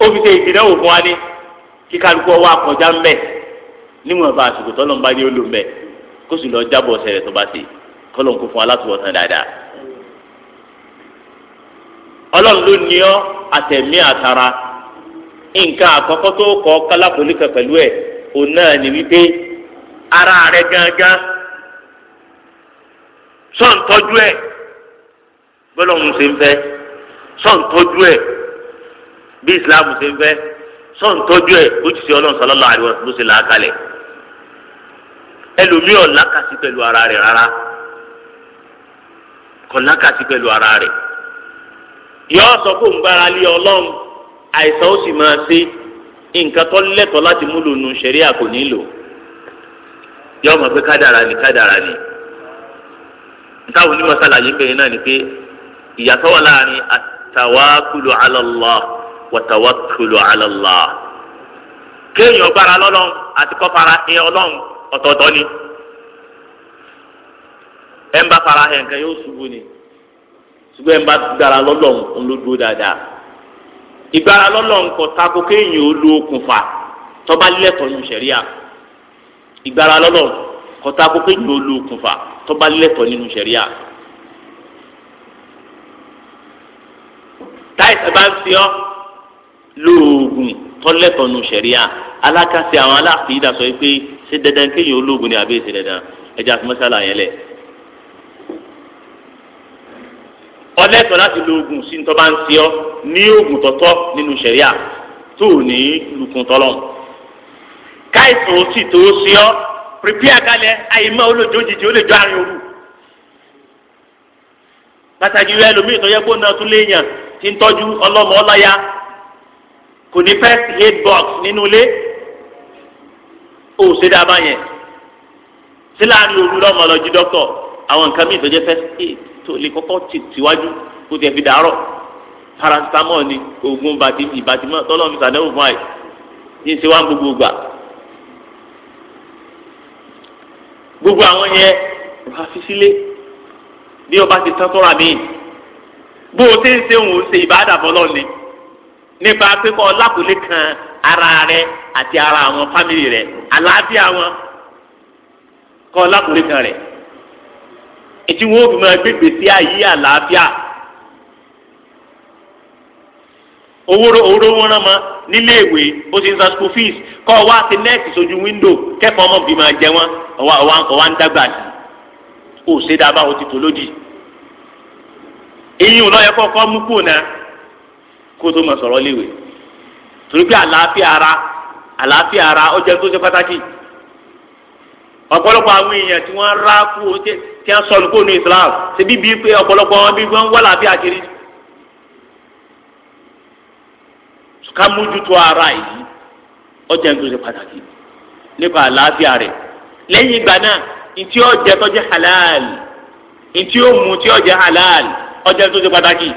ó fi ṣe ìsìndáwò fún wa ní kí kálukú ọwọ́ àkọjá ń bẹ̀ níwọ̀n bá àsìkò tọ́lọ̀ ń bá ní olú ń bẹ̀ kó sì lọ jábọ̀ ọ̀sẹ̀ rẹ̀ tó bá ṣe kọ́lọ̀ kó fún alátùwọ̀tán dáadáa. ọlọ́run ló ní ọ́ àtẹ̀mí àtara nǹkan àkọ́kọ́ tó kọ́ kálábòlì kan pẹ̀lú òun náà ni wípé ara rẹ̀ gangan sọ̀ǹtọ́jú ẹ̀ bọ́lọ́run ṣe ń fẹ́ sọ̀ǹtọ́jú ẹ̀ bí islam ṣe ń fẹ́ sọ̀n tọ́jú ẹ̀ ó ti ṣe ọlọ́run sọlọ́lá àríwá ló ṣe làákàlẹ̀ ẹlòmíì ò pẹ̀lú ara rẹ̀ rárá kò lákàsí pẹ̀lú ara rẹ̀ yọ sọ fún gbára lé ọlọ́run àìsàn ó sì máa ṣe nǹkan tó lẹ́tọ̀ọ́ láti múlò nílò yọ pé kádàrà ni kádàrà ni onímọ̀ sàlàyé ni pé ìyàtọ̀ wà wa tawakkulu ala Allah kéèyàn gbára lọ́lọ́run àti kó fara hẹ Ọlọ́run ọ̀tọ̀ọ̀tọ̀ ni ẹ̀ ń bá fara hẹ nǹkan yóò ṣubú ni ṣùgbọ́n ẹ̀ ń bá gbára lọ́lọ́run ń ló dúró dáadáa ìgbára lọ́lọ́run kò tako kéèyàn ó lo okùnfà tó bá lẹ́tọ̀ọ́ nù ìgbára lọ́lọ́run kò tako kéèyàn ó lo okùnfà tó bá lẹ́tọ̀ọ́ nínú táìsì bá ń fi ọ́ lóògùn tọ́lẹ̀tọ̀nù sẹ̀ríà alákàsí àwọn aláàfíìdà sọ pé ṣé dandan kéèyàn olóògùn ni àbí èsì dandan ẹja àti mọ́sálà yẹn lẹ̀. ọlẹ́tọ̀ láti lo oògùn sí ntọ́ bá ń ṣe ọ́ ní oògùn tọ́tọ́ nínú sẹ̀ríà tó o ní lukùn tọ́lọ̀. káìsàn ó sì tó o ṣe ọ́ pírípíà kalẹ̀ àyèmọ́ olójoojìjì ó lè jọ àárín òru. pàtàkì rẹ lómi ìtọ́jẹ́ kó náà tún léèyàn ti ń tọ́jú ọlọ́mọ ọláyà kò ní first aid box nínú ilé ó ṣe dábàá yẹn sí láàánú olùdókòwò ọmọ ọlọ́jú dọ́kítọ̀ àwọn nǹkan mìíràn tó jẹ́ first aid tó lè kọ́kọ́ tìwájú kó tẹ̀ fi dàárọ̀ paracetamol ni oògùn bàtí ìbàtìmọ̀ tọ́lọ́mù sàdéhù fún àì ní ṣe wá gbogbo gbà gbogbo àwọn yẹn wàá fi sílé bí ọba ti tán tọ́ra míì bó o ti ń ṣe òun ṣe ìbáàdàbọ̀ lọ́ọ̀ni. nípa pípọ̀ lákòólé kan ara rẹ àti ara àwọn fámìlì rẹ àlàáfíà wọn kọ́ lákòólé kan rẹ ètí wọn ò fi máa gbé gbèsè ayé àlàáfíà owóró owóró wọn rán mọ nílé ìwé ó ti ń school fees ọ wá ti nẹ́ẹ̀sì sójú wíńdò kẹ́kọ̀ọ́ ọmọ bí máa jẹ wọn ń dàgbà sí ó ṣe kó tó mọ̀ sọ̀rọ̀ léwe torí pé ara àlàáfíà ara o jẹ́ tó ṣe pàtàkì ọ̀pọ̀lọpọ̀ àwọn èèyàn tí wọ́n rá kú tí wọ́n sọnù kó nu Islam ṣe bíbí pé ọ̀pọ̀lọpọ̀ wọn bí wọ́n wà láàbí àkiri ká mójútó ara yìí ó jẹ́ tó ṣe pàtàkì nípa àlàáfíà rẹ̀ lẹ́yìn ìgbà náà ntí ó jẹ tó jẹ́ halal ntí ó mu tí ó jẹ́ halal ó jẹ́ tó ṣe pàtàkì.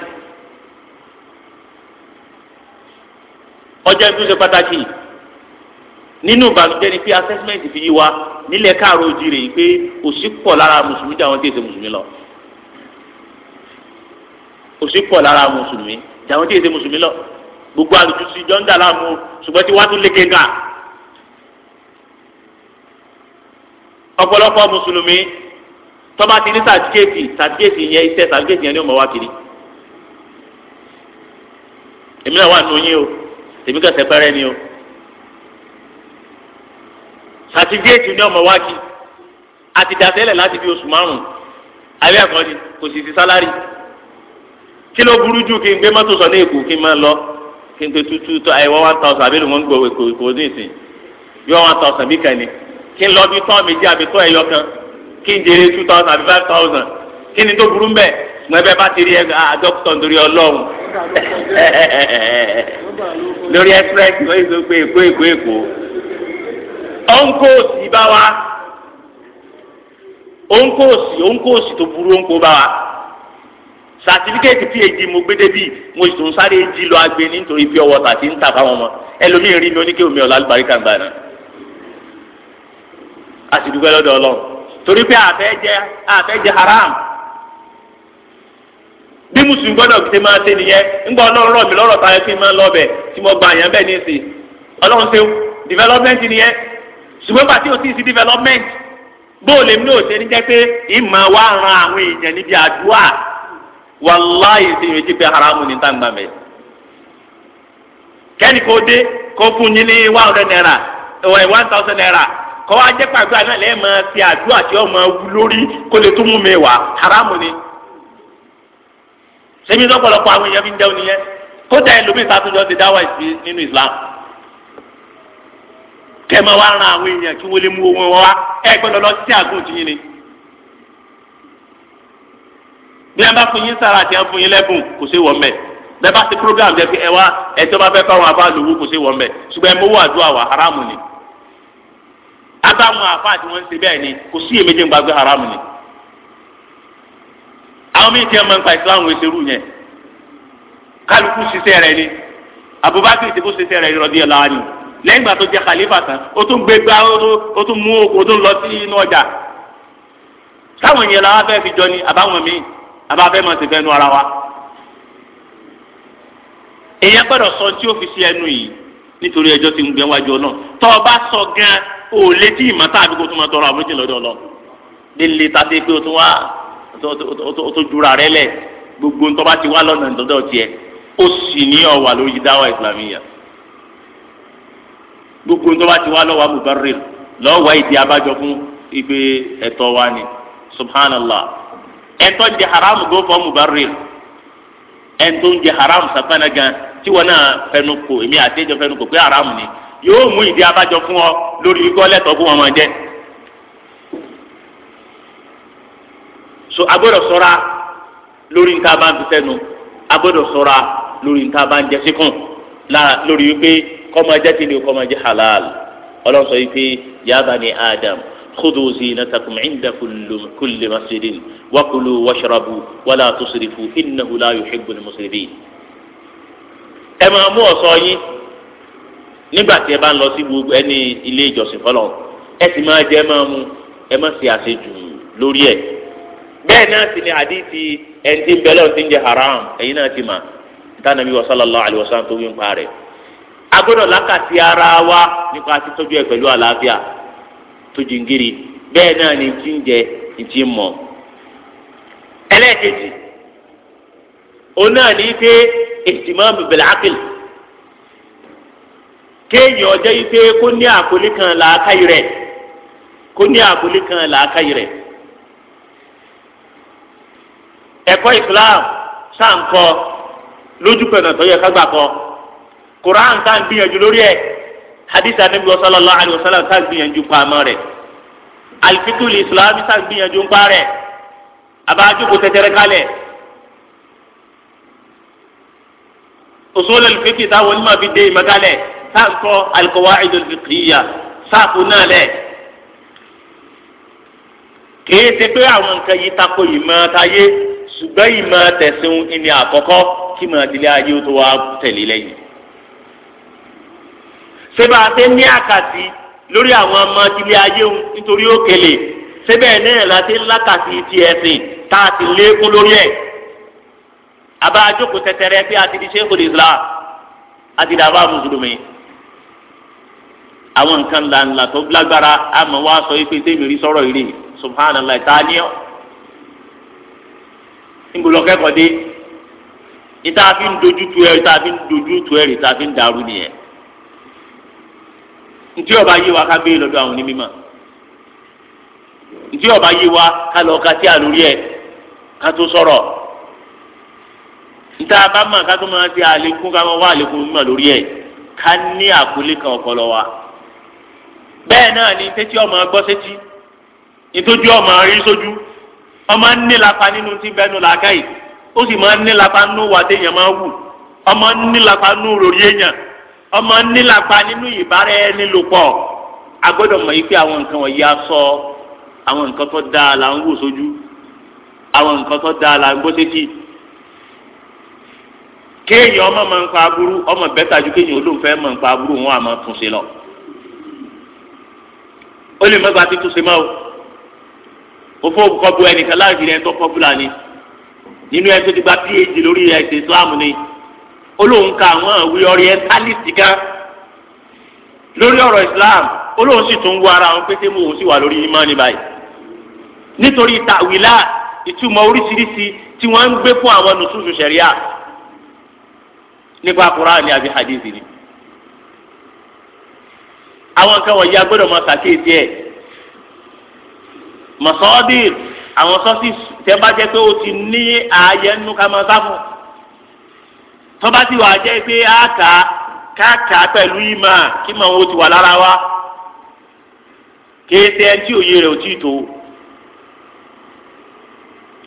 ọjọ́ ibi ṣe pàtàkì nínú ìbànújẹ́ ni pé assessment fi yí wa nílẹ̀ káàró ojúre yìí pé òṣì pọ̀ lára mùsùlùmí jáwọn tí èsè mùsùlùmí lọ òṣì pọ̀ lára mùsùlùmí jáwọn tí èsè mùsùlùmí lọ gbogbo àlùjù sí jọ ń dà láàmú ṣùgbọ́n tí wàá tún léke nga ọ̀pọ̀lọpọ̀ mùsùlùmí tọ́ba ti ní sàdíkèsì sàdíkèsì yẹn iṣẹ́ sàdíkèsì yẹn ni ó mọ̀ wá kiri èmi náà wà nù yín o tèmi kẹsẹ̀ pẹ́rẹ́ ni o sàtìdéètì ní ọmọ wájú àti dàtẹ́lẹ̀ láti bí oṣù márùn-ún àbí àkànni kò sì sí sálárì kí ló burú jù kí n gbé mọ́tò sọ ní èkó kí n máa lọ kí n pe tútú tó àìwọ́ one thousand àbí lùmọ́ ń gbọ́ èkó èkó ní ìsìn yọ one thousand bí kan ni kí n lọ bí tọ́ méjì àbí tọ́ ẹ̀yọ kan kí n jèrè two thousand àbí five thousand kí ni tó burú mbẹ́ mo ẹbẹ bá ti rí ẹ dókítà nítorí ọlọ́run lórí express lórí ìsopé èkó èkó èkó ọ̀nkóòsì bá wa ọ̀nkóòsì ọ̀nkóòsì tó burú ọ̀nkó bá wa sàtífíkẹ́tì phd mo gbé débi mo sì tún sáré jí lọ agbe nítorí pure water ti ń tà fáwọn ọmọ ẹlòmíín rí mi ọ̀la náà dúpẹ́ lọ́dọ̀ bí mùsùlùmí gbọ́dọ̀ ti máa ṣe nìyẹn ńgbọ́ ọlọ́run rọ̀ mí lọ́rọ̀ táyà pé máa lọ bẹ̀ tí mo gba àyàn ní ìsìn development nìyẹn ṣùgbọ́n tí o ti ṣe development bóòlù mi ní jẹ́ pé haramu ní tàǹgbà kẹ́ni kò dé kó one hundred naira eh, one thousand naira jẹ́ pàgbé àná àdúrà tí ó wú lórí haramu sẹ́mi lọ́pọ̀lọpọ̀ àwọn èèyàn fi ń jẹun nìyẹn kódà ẹlòmíì tá a tún jọ ti dáwà Islam kẹ́ ẹ máa wá ran àwọn èèyàn kí wọ́n lè mú owó wọn wá ẹ gbọ́dọ̀ lọ sí àgọ́ òtún ni bí wọn bá fún yín sára àti wọn yín kò program dị pé ẹ wá ẹ bá fẹ́ afá kò sí wọn ṣùgbọ́n ẹ mọ́wọ́ àdúrà wà haramu ni afá àti wọn ń ṣe bẹ́ẹ̀ ni kò sí àwọn míì tiẹ̀ máa ń pa ìsìláàmù ìṣerú yẹn kálukú ṣiṣẹ́ rẹ̀ ni Abubakar ti kó ṣiṣẹ́ rẹ̀ rọ̀dí ẹ̀ láàánú lẹ́yìn ìgbà tó jẹ́ khalifa tán ó tún gbé gbá ó tún mú oko ó tún lọ sí inú ọjà táwọn yẹn làwọn fẹ́ fi jọ ni àbáwọn míì àbáfẹ́ máa ti fẹ́ nu ara wa èèyàn gbọ́dọ̀ sọ tí ó fi sí ẹnu yìí nítorí ẹjọ́ tí ń gbẹ wájú ọ náà tọ́ ọ sọ gan-an ò létí ìmọ̀ta àbíkó máa tọrọ àforíjì lọ́dọ̀ ọlọ́ nílé tàbí pé o tún wá ó tó jura rẹ lẹ gbogbo ntọ́ bá ti wá lọ́nà ìdọ́dọ̀ tiẹ̀ o sì ní ọ̀wà lórí dáwà ìsìlámìyà gbogbo ntọ́ bá ti wá lọ́wọ́ mubarrir lọ́wọ́ ìdí abájọ fún ìgbé ẹ̀tọ́ wa ni subhanallah ẹ̀tọ́ jẹ haram gbó fọ́ mubarrir ẹ̀tọ́ ń jẹ haram sàfẹ́nà gan tí wọn náà fẹnu kò èmi àti ẹ̀jọ̀ fẹnu kò pé haram ni yóò mú ìdí abájọ fún ọ lórí ikọ́ lẹ́tọ̀ọ́ fún ọmọ so agbọ́dọ̀ ṣọ́ra lórí nta bá ń fi sẹ́nu agbọ́dọ̀ ṣọ́ra lórí nta bá ń jẹ síkùn lórí wípé kọ́mọ jẹ́ kí ni kọ́mọ jẹ́ halal ọlọ́run sọ wípé ya bani adam khudhu zinatakum inda kulli masjidin wakulu washrabu wala tusrifu innahu la yuhibbul musrifin. ẹ máa mú ọ̀ṣọ́ yín nígbà tí ẹ bá ń lọ sí gbogbo ẹni ilé ìjọsìn fọlọ́ ẹ sì máa jẹ máa mu ẹ má ṣe àṣejù lórí ẹ̀ bẹ́ẹ̀ náà sì adi àdìsí ẹ̀ǹtí bẹ́lọ̀ ti ń jẹ haram ẹ̀yin náà ti mà ìtànàbí alayhi wa tó wí ń parẹ́ a lákàtí ara wa nípa títọ́jú ẹ̀ pẹ̀lú àlàáfíà tó jìngiri bẹ́ẹ̀ ni ti ń jẹ ìtì mọ̀ ẹlẹ́ẹ̀kejì òun náà ní pé ihtimam bil aql kéèyàn ọjọ́ yìí pé kó ní àkólí kan làákàyè rẹ̀ kó ní àkólí kan làákàyè rẹ̀ ẹ̀kọ́ islam sáǹkọ lójúkọ̀nà tó yẹ kágbà kọ quran tá à ń gbìyànjú lórí ẹ̀ hadith anabi wa sallallahu alayhi wa sallam tá à ń gbìyànjú pamọ́ rẹ̀ alifikul islam tá à ń gbìyànjú ń parẹ́ abájú kò tẹ̀tẹ̀rẹ̀ kalẹ̀ usul alfiqi táwọn onímọ̀ fi dé ìmọ̀kalẹ̀ sáǹkọ alqawaid alfiqiyya sáàkó náà lẹ̀ kìí ṣe pé àwọn nǹkan yìí takò ìmọ̀ táyé ṣùgbọ́n ìmọ̀ tẹ̀sìn ìní àkọ́kọ́ kí mọ̀ àdílé ayé ó tó wá tẹ̀lé lẹ́yìn. sébà tẹ ní àkàtì lórí àwọn ọmọ ìdílé ayé òun nítorí ó kele sébẹ̀ náà láti lákàtì ti ẹ̀sìn tá a ti lékún lórí ẹ̀. àbá àjókòó tẹtẹrẹ pé a ti di sẹ́kùn Islam a ti dàbá àwọn nǹkan làǹlà tó lágbára àmọ́ wá sọ ife tẹ́mi rí sọ̀rọ̀ ìrè ńgbọ́dọ̀ kẹ́kọ̀ọ́ dé ìta fi ń dojú tu ẹ ìta fi ń dojú tu ẹ ìta fi ń dàrú nìyẹn ntí ọba yé wa ká gbé lọ́dọ̀ àwọn onímọ̀ ntí ọba yé wa ká lọ ká tí a lórí ẹ ká tó sọ̀rọ̀ nta bá mọ̀ ká tó máa ti àlékún ká máa wá àlékún mímọ̀ lórí ẹ ká ní àkólé kan ọpọlọ wa bẹ́ẹ̀ náà ni tẹ́tí ọmọ gbọ́ sétí ìtọ́jú ọmọ rí sójú ọmọ nílapa nínú tí bẹnu làákà yìí ó sì máa nílapa nínú wàdé yẹn máa wù ọmọ nílapa nínú ròrí èèyàn ọmọ nílapa nínú ìbára ẹni lò pọ̀ a gbọ́dọ̀ mọ̀ yìí pé àwọn nǹkan wọ̀nyí á sọ àwọn nǹkan tó dáa là ń wò sójú àwọn nǹkan tó dáa là ń gbọ́ sétí kéèyàn ọmọ máa ń pa aburú ọmọ bẹ́tà ju kéèyàn olóńfẹ́ máa ń pa aburú wọn àmọ́ túnṣe lọ ó lè mọ́gbà tí túnṣe máa o. ó fọ òkú kọbu ẹnìkan láti rẹ tó pọpúlà ni nínú ẹ tó ti gba phd lórí ẹsẹ islam ni olóhùn ka àwọn àwí orientalist gan lórí ọ̀rọ̀ islam olóhùn sì tún wọ ara àwọn pété mú òun sì wà lórí imani báyìí nítorí ta ìtumọ̀ oríṣiríṣi tí wọ́n ń gbé fún àwọn nùsùsù sẹ̀ríà nípa kuraani àbí hadith ni àwọn kan wọ̀nyí agbọ́dọ̀ máa ṣàkíyèsí ẹ̀. mọ̀sọ́dìr àwọn sọ́ọ̀sì tẹ́ bá jẹ́ pé o ti ní ààyè nínú ká máa sáfù tọ́ba ti wà jẹ́ pé a kà á káàkà pẹ̀lú ìmọ̀ kí màá wo ti wà lára wa kéésì ẹni tí òye rẹ̀ ò tí ì tó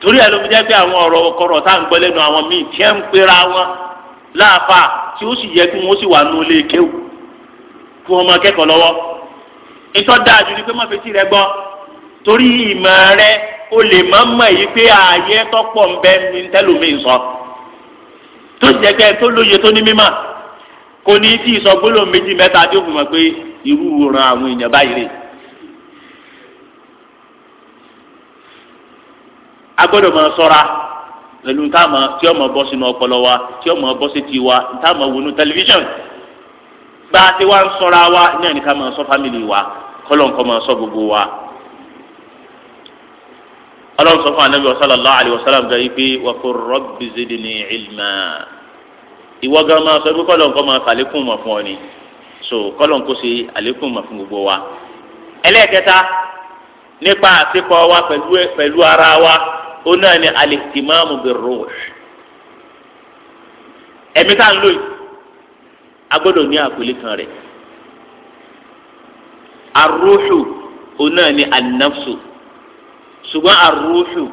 torí ẹ̀ ló fi jẹ́ pé àwọn ọ̀rọ̀ ọkọ̀rọ̀ tá à ń gbọ́ lẹ́nu àwọn míì tí ẹ̀ ń pera wọn láàfà tí ó sì yẹ kí wọ́n sì wà nù ilé kéwù kí wọ́n máa kẹ́kọ̀ọ́ lọ́wọ́ ìtọ́ dáa jù ni pé má fetí rẹ gbọ́ torí ìmọ̀ rẹ o lè má mọ̀ yìí pé ààyè tọ́pọ̀ ń bẹ ní tẹ́lómi sọ tó jẹ́ kẹ́ tó lóye tó ní mímọ̀ kò ní tí ì sọ gbólóhùn méjì mẹ́ta tó fún mọ̀ pé irú ran àwọn èèyàn báyìí rè. a gbọ́dọ̀ máa ṣọ́ra pẹ̀lú táàmù tí ọmọ bọ́ sínú ọpọlọ wa tí ọmọ bọ́ sí tiwa táàmù wọnú tẹlifíṣàn gba tiwa ń ṣọ́ra wa ní àníkà máa ṣọ́ fámìlì wa kọ́lọ̀ nǹkan máa ṣọ́ gbogbo wa ọlọ́run sọ fún anabi sallallahu alayhi wa sallam gan yìí pé wa qur rabbi zidni ilma ìwọ gan máa sọ pé kọ́lọ̀ nǹkan máa sàlékún mọ̀ fún ọ ni so kọ́lọ̀ nǹkan ṣe àlékún mọ̀ fún gbogbo wa. ẹlẹ́ẹ̀kẹta nípa àtikọ́ wa pẹ̀lú ara wa ó náà ni al-ihtimamu bir-ruh ẹ̀mí tá ń lò yìí kan rẹ̀ ar-ruhu ó náà ni ṣùgbọ́n àrùúṣù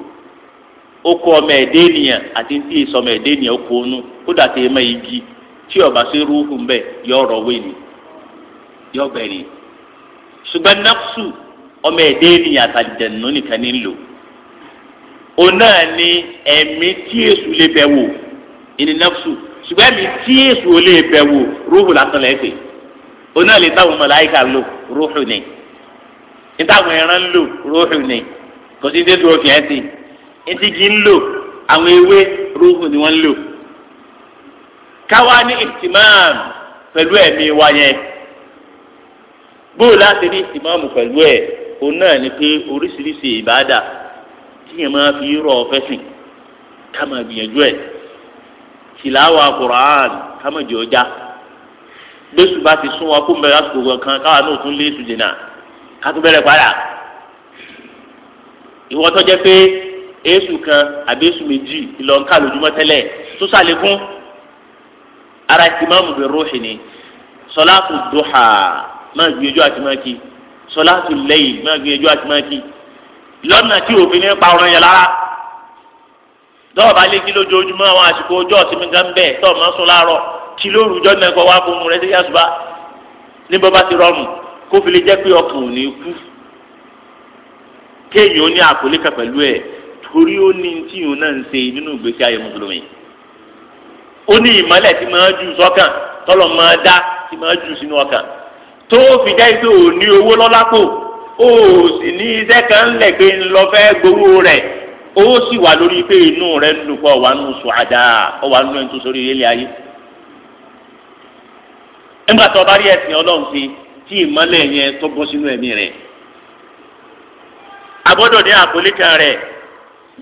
okò ọmọ ẹ̀dẹ́ ènìyàn àti tí èso ọmọ ẹ̀dẹ́ ènìyàn okò onú kódà tẹ ẹmọ igi tí ọba ṣe rúùhù ń yọ ọrọ wé yọ bẹ ṣùgbọ́n nafsu ọmọ ẹ̀dẹ́ ènìyàn àtàlìjẹ̀nù nìkan ní lò òun náà ni ẹ̀mí tí èso lè bẹ̀ wò ìní nafsu ṣùgbọ́n ẹ̀mí tí èso lè bẹ̀ wò rúùhù lásán lẹ́gbẹ̀ẹ́ òun náà lè táwọn màláíkà kò sí dé dúró fìyà sí etí kì í lò àwọn ewé rúfù ni wọ́n ń lò káwa ní ìtìmáàmù pẹ̀lú ẹ̀mí wa yẹn bóòlù láti ní ìtìmáàmù pẹ̀lú ẹ̀ òun náà ni pé oríṣiríṣi ìbáàdà tíyẹn máa fi rọ̀ ọ́ fẹ́sìn ká máa gbìyànjú ẹ̀ tìláwà Qur'an ká máa jẹ́ ọjà gbèsù bá ti sún wa kó mẹ́rin àsìkò kan káwa náà tún lé ètò ká tún bẹ̀rẹ̀ padà ìwọ tó jẹ́ pé èésù kan àbí èésù méjì ìlọ̀nkà lójúmọ́ tẹ́lẹ̀ tó sàlékún ara ìtìmọ́mù bẹ̀ rúhì ni sọláàtù dùhà máa gbìyànjú àti máa kí sọláàtù lẹ́yìn máa gbìyànjú àti máa kí lọ́nà tí òfin ní pa ọ̀ràn yẹn lára dọ́ọ̀bá lé kí lójoojúmọ́ àwọn àsìkò ọjọ́ ọ̀sìnmi gan bẹ́ẹ̀ tọ́ọ̀ máa sún láàárọ̀ kí lóru ìjọ náà wá fún un rẹ̀ sí yàtúbà ní bọ́ bá ti rọrùn kó jẹ́ pé ọkàn kú kéèyàn ó ní àkọlé kan pẹ̀lú ẹ̀ torí ó ní tí òun náà ń ṣe nínú ìgbésí ayé mùsùlùmí ó ní ìmọ́lẹ̀ tí máa jù sọ́kàn tọ́lọ̀ máa dá tí máa jù sínú ọkàn tó fi jẹ́ pé ò ní owó lọ́lápò ó sì ní iṣẹ́ kan lẹ̀ pé ń lọ fẹ́ gbowó rẹ̀ ó sì wà lórí pé inú rẹ̀ ń dùn pọ̀ wà nù sùádà ó wà nù tó sórí ilé ayé nígbà tó agbọdọ ní àkọlé rẹ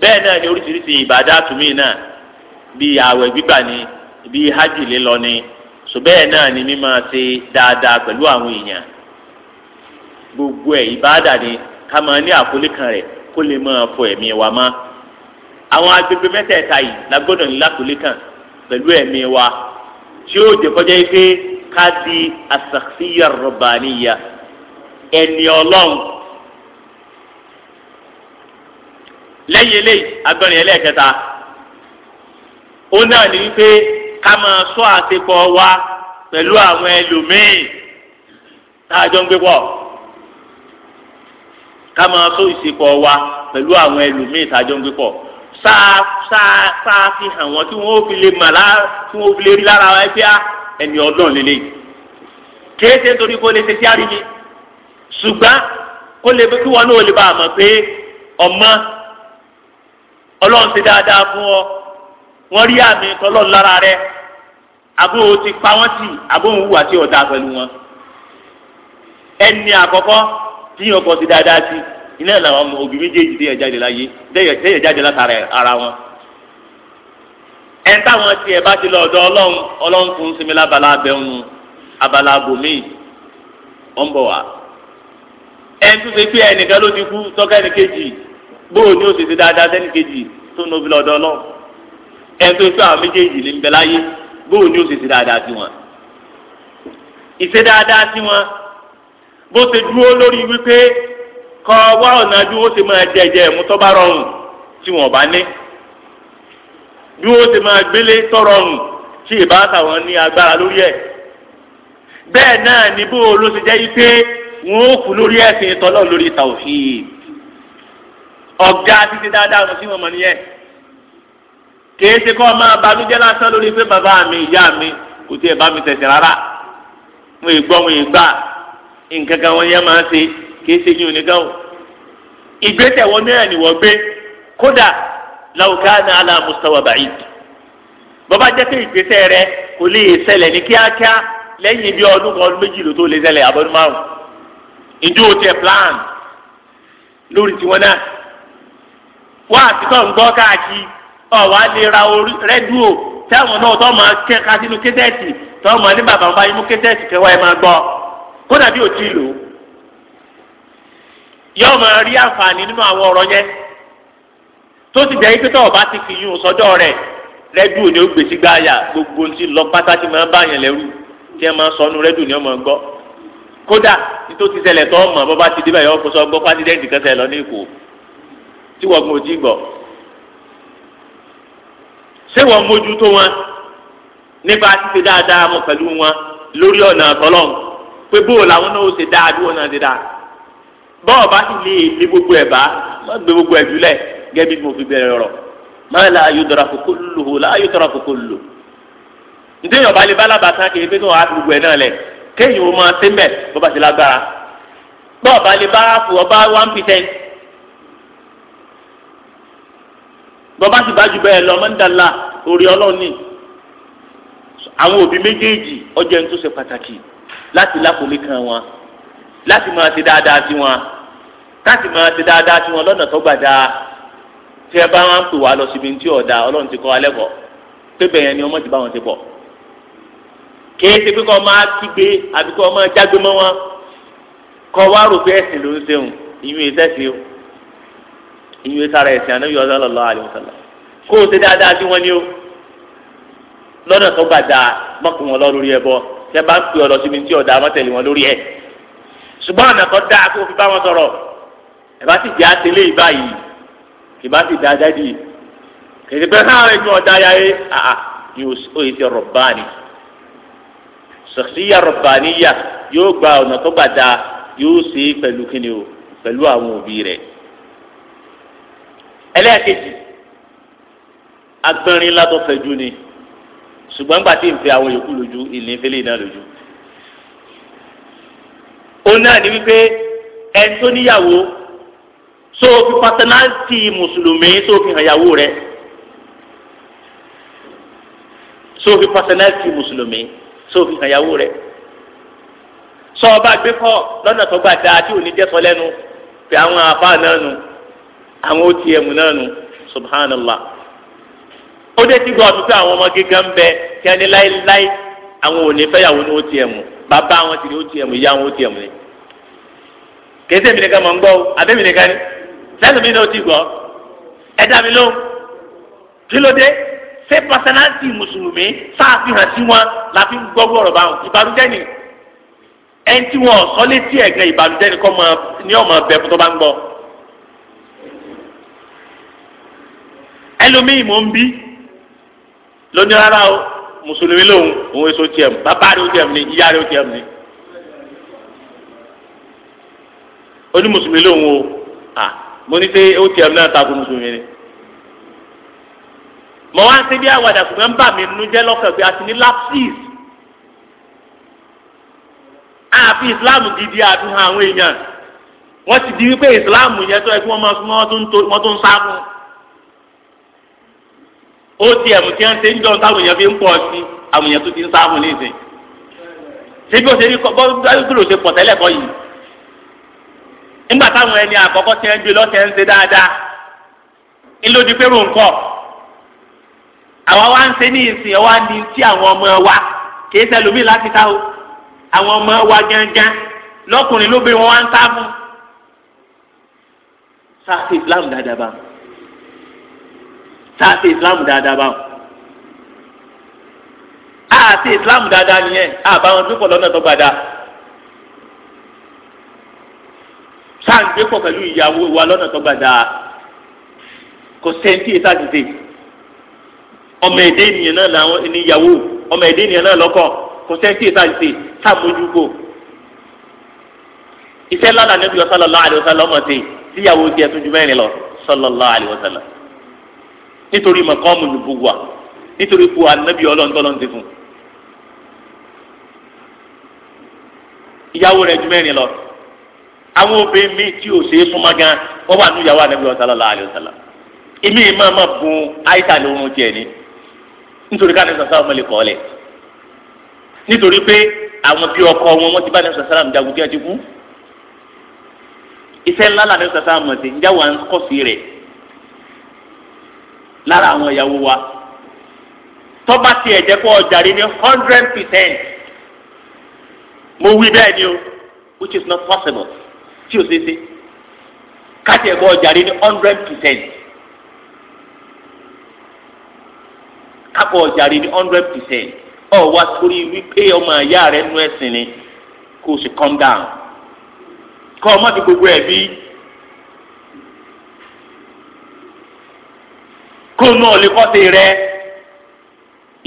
bẹẹ bẹ́ẹ̀ náà ni oríṣiríṣi ìbàdà àtúmí náà bíi ààwẹ̀ gbígbà ni bíi hajj lílọ ni ṣùgbẹ́ẹ̀ náà ni mímọ ṣe dáadáa pẹ̀lú àwọn èèyàn gbogbo ẹ̀ ìbàdà ni ká máa ní àkọlé kan kó lè máa fọ ẹ̀mí wa mọ́ àwọn agbègbè mẹ́tẹ̀ẹ̀ta yìí la gbọ́dọ̀ ní lákòlé kan pẹ̀lú wa tí ó jẹ́ kọjá yìí pé ká di ẹni lẹ́yìn eléyìí agbọ́nrin ẹlẹ́ẹ̀kẹta ó náà ní wípé ká máa sọ àṣepọ̀ wa pẹ̀lú àwọn ẹlòmíì tá a jọ ń gbé pọ̀ ká máa sọ ìṣepọ̀ wa pẹ̀lú àwọn ẹlòmíì tá a jọ ń gbé pọ̀ sáà sáà sáà fi hàn wọ́n tí wọ́n fi lè mà lá tí wọ́n fi lè rí lára ẹgbẹ́ ah, ẹni ọlọ́run lélẹ́yìí kìí nítorí kó lè ṣe sí àríyìn ṣùgbọ́n kó lè kí wọn náà lè bá a mọ̀ pé ọmọ ọlọ́run ti dáadáa fún ọ wọ́n rí àmì tọ́lọ́run lára rẹ àbó o ti pa wọ́n tì àbó òun hùwà tí ọ̀dà pẹ̀lú wọn. ẹni àkọ́kọ́ tí yàn kọ́ ti dáadáa sí iná làwọn ọmọ òbí méjèèjì tẹ̀yẹ̀ jáde láyé tẹ̀yẹ̀ jáde látara ara wọn. ẹ̀ táwọn tiẹ̀ bá ti lọ ọ̀dọ̀ ọlọ́run ọlọ́run fún sinmi lábala abẹ́hùn abala abòmíì ọ̀ ń bọ̀ wá. ẹ̀ ń ṣe pé ẹnìkan ló ti kú tọ́ka bóò ni ó ti ṣe dáadáa sẹ́ni kejì tó nobi lọ́dọ̀ lọ ẹ̀ńtọ́ ìfẹ́ àwọn méjèèjì ní bẹ láyé bóò ni ó ti ṣe dáadáa sí wọn. ìṣe dáadáa sí wọn bó ṣe dúró lórí wípé kọ́ wá ọ̀nà bí wọ́n ṣe máa jẹjẹ ẹ̀mú tó bá rọrùn tí wọ́n bá ní bí wọ́n ṣe máa gbélé tó rọrùn tí ìbá tàwọn ní agbára lórí ẹ̀ bẹ́ẹ̀ náà ni bó ló ṣe jẹ́ wípé wọ́n ó kú lórí ẹ̀sìn tọ́lọ́ lórí tàwíìd ọ̀gá títí dáadáa lọ sí wọn mọ̀ nìyẹn kìí ṣe kọ́ máa banújẹ́ lásán lórí pé bàbá mi ìyá mi kò tiẹ̀ bá mi tẹ̀sẹ̀ rárá wọn ìgbọ́ wọn ìgbà nǹkan kan wọn yẹn máa ń ṣe kìí ṣe yín oníkan o ìgbésẹ̀ wọn náà ni wọ́n gbé kódà làwùká náà àlà mustawa bàyí bàbá jẹ́ pé ìgbésẹ̀ rẹ kò lè ṣẹlẹ̀ ní kíákíá lẹ́yìn bí ọdún kan méjì ló tó lè ṣẹlẹ̀ àbọ̀dún márùn-ún ìjó tiẹ̀ plan lórí tiwọn náà. wá àtìkọ́ ń gbọ́ káàkiri ọ̀ wá lè ra rẹ́díò táwọn náà tó máa kẹ́ ká sínú kẹ́tẹ́ẹ̀tì tó máa ní bàbá bá imú kẹ́tẹ́ẹ̀tì kẹwàá ẹ máa gbọ́ kódà bí ò lò ó yóò máa rí àǹfààní nínú àwọn ọ̀rọ̀ yẹn tó ti jẹ́ pé tó o bá ti fi yún sọ́jọ́ rẹ̀ rẹ́díò ni ó gbáyà gbogbo ti lọ pátá ti máa bá lẹ́rù tí ẹ máa sọ nu rẹ́díò ni ó gbọ́ kódà ti ṣẹlẹ̀ tó ọmọ bọ́ bá ti dé gbọ́ ní tí wọ́n gbọ́ ojú gbọ́ ṣé wọ́n mójútó wọn nípa títí dáadáa mọ́ pẹ̀lú wọn lórí ọ̀nà àtọ́lọ́n pé bóò làwọn náà ó ṣe dáa bí wọn náà ṣe dáa bọ́ọ̀ bá sì lè lé gbogbo ẹ̀ bá má gbé gbogbo ẹ̀ jùlẹ̀ gẹ́gẹ́ bí mo fi bẹ̀rẹ̀ rọ̀ má la yudraku kulluhu la yudraku kulluhu ntẹ́yìn ọba lè bálaba tán kì í pé kí wọ́n á fi gbogbo ẹ̀ náà lẹ̀ kéèyàn ó máa ṣe ń bó bá ti lágbára bọ́ọ̀ bá lè bá fò ọba one percent bọ́bá sì bá jù bẹ́ẹ̀ lọ mọ́ńdàlá orí ọlọ́run ni àwọn òbí méjèèjì ọjọ́ ẹni tó ṣe pàtàkì láti lákòólé kan wọn láti máa ṣe dáadáa sí wọn káàsì máa ṣe dáadáa sí wọn lọ́nà tó gbà dáa tí ẹ bá wọn ń pè wá lọ síbi tí ọ̀dà ọlọ́run ti kọ́ alẹ́ bọ̀ pépè yẹn ni ọmọ ti bá wọn ti bọ̀ kìí ṣe pé kọ́ máa kígbe àbí kọ́ máa jágbe mọ́ wọn kọ́ wá rò pé ẹ̀sìn ló ń ṣeun ìyún ìṣẹ́ṣe o ìyún sára ẹ̀sìn ànábì sallallahu alaihi wasallam kó o ṣe dáadáa sí wọn ni o lọ́nà tó bá dáa mọ́kùn wọn lọ lórí ẹ bọ́ tẹ bá ń pè ọ lọ síbi tí ọ̀dà mọ́tẹ̀lì wọn lórí ẹ ṣùgbọ́n ọ̀nà kan dáa kó o fi bá wọn sọ̀rọ̀ ẹ bá sì jẹ́ àtẹlé ìbáyìí kì bá sì dáadáa dì kìtì pé hàn ẹni ọ̀dà ya yé àà yóò ṣe ti rọ̀bánì ṣàkṣíyà rọ̀bánì yà yóò gba ọ̀nà tó bá dáa yóò ṣe pẹ̀lú kíni o pẹ̀lú àwọn òbí rẹ̀ ẹlẹ́ẹ̀kejì agbẹ́rin ńlá tó fẹ̀jú ni ṣùgbọ́n nígbà tí n fi àwọn yòókù lójú ìlín fẹ́lẹ́ náà lójú. ó náà ní wípé ẹni tó níyàwó tó fi pátánátì mùsùlùmí tó fi hàn yàwó rẹ̀ tó fi pátánátì mùsùlùmí tó fi hàn yàwó rẹ̀ sọ ọba gbé kọ́ lọ́nà tó gbà dáa tí ò ní jẹ́ sọ lẹ́nu pé àwọn àbá náà nù àwọn otm náà nù subhanallah ó dé ti gbọ́ ọdún pé àwọn ọmọ gíga ń bẹ kí ẹni láéláé àwọn ò ní fẹ́yàwó ní otm bàbá àwọn ti ní otm ìyá àwọn otm ni kèsì èmi nìkan mọ̀ ń gbọ́ o àbẹ́mi nìkan ni sẹ́nu mi náà ti gbọ́ ẹ mi lóhùn kí ló dé ṣé pàṣẹláńtì mùsùlùmí sáàfihàn sí wọn la fi ń gbọ́ gbọ́rọ̀ báwọn ìbànújẹ́ ni ẹni tí wọn sọ létí ẹ̀gẹ́ ìbànújẹ́ ni kọ́ ni ọmọ ẹlòmíì mò ń bí lónìí rárá o mùsùlùmí lòun òun èso tiẹ̀ mu bàbá rẹ̀ ó tiẹ̀ mu ni ìyá rẹ̀ ó tiẹ̀ mu ni ó ní mùsùlùmí lòun o à mo ní pé ó tiẹ̀ mu náà takò mùsùlùmí ni mọ wá ń ṣe bí àwàdà ṣùgbọ́n ń bà mí nínú jẹ́ lọ́kàn pé a ti ní lapsis àfi islam gidi àfihàn àwọn èèyàn wọ́n ti di wípé islam yẹn tó ẹ kí wọ́n máa súnmọ́ wọ́n tó ń sá atm tí wọ́n ti ń jọ táwọn èèyàn fi ń pọ̀ sí àwọn èèyàn tó ti ń sáàmù ní ìsìn ṣé bí o ṣe rí gbọ́dọ̀ ṣe pọ̀ tẹ́lẹ̀ kọ́ yìí nígbà táwọn ẹni àkọ́kọ́ ti ń gbé lọ́sẹ̀ ń ṣe dáadáa ńlódì pé ròǹkọ́ àwa wá ń ṣe ní ìsìn ọwọ́ ni tí àwọn ọmọ wa kìí sẹ́lómi láti ta o àwọn ọmọ wa gángan lọ́kùnrin ló wọn wá ń sáàmù sáà sí dáadáa báyìí tá a ṣe islam dáadáa báwọn a ṣe islam dáadáa nìyẹn a bá wọn dúpọ̀ lọ́nà tó gbàdá sáǹgbé pọ̀ pẹ̀lú ìyàwó wa lọ́nà tó gbàdá kò sẹ́ńtì ìtàdìdè ọmọ ẹ̀dẹ́ ènìyàn náà làwọn ìyàwó ọmọ ẹ̀dẹ́ ènìyàn náà lọ́kọ kò sẹ́ńtì ìtàdìdè sàmójúkò iṣẹ́ lánàá níbi sallallahu alaihi wasallam ọmọ ti tíyàwó tiẹ̀ tó ju mẹ́rin lọ sallallahu alaihi wasallam nítorí mọ̀kánmù nùbùwà nítorí ipò ànábì ọlọ́ntọ́lọ́n ti fún. ìyàwó rẹ̀ ju mẹ́rin lọ àwọn obìnrin míì tí ò ṣeé súnmọ́ gan wọ́n wà níyàwó ànábì sallallahu alaihi wasallam èmi yìí máa ma bun àyíká lórun tiẹ̀ ni nítorí káàdé sọ̀sọ́ ọmọ lè kọ́ ọ lẹ̀ nítorí pé àwọn bí ọkọ wọn wọ́n ti bá ní sọ̀sọ́ àmì jagun ti kú iṣẹ́ ńlá làdé sọ̀sọ́ àmọ̀ lára àwọn ìyàwó wa tọ́ba tiẹ̀ jẹ́ kó ọjà ní hundred percent mo wí bẹ́ẹ̀ ni o which is not possible tí o ṣe ṣe káti ẹ̀kọ́ ọjà ní hundred percent kápọ̀ ọjà ní hundred percent ọ̀ wá torí wípé ọmọ ìyá rẹ̀ nú ẹ̀sìn ni kó sì calm down kọ́ ọ má gbogbo ẹ̀ bíi. kóun náà lè kọ́ sí rẹ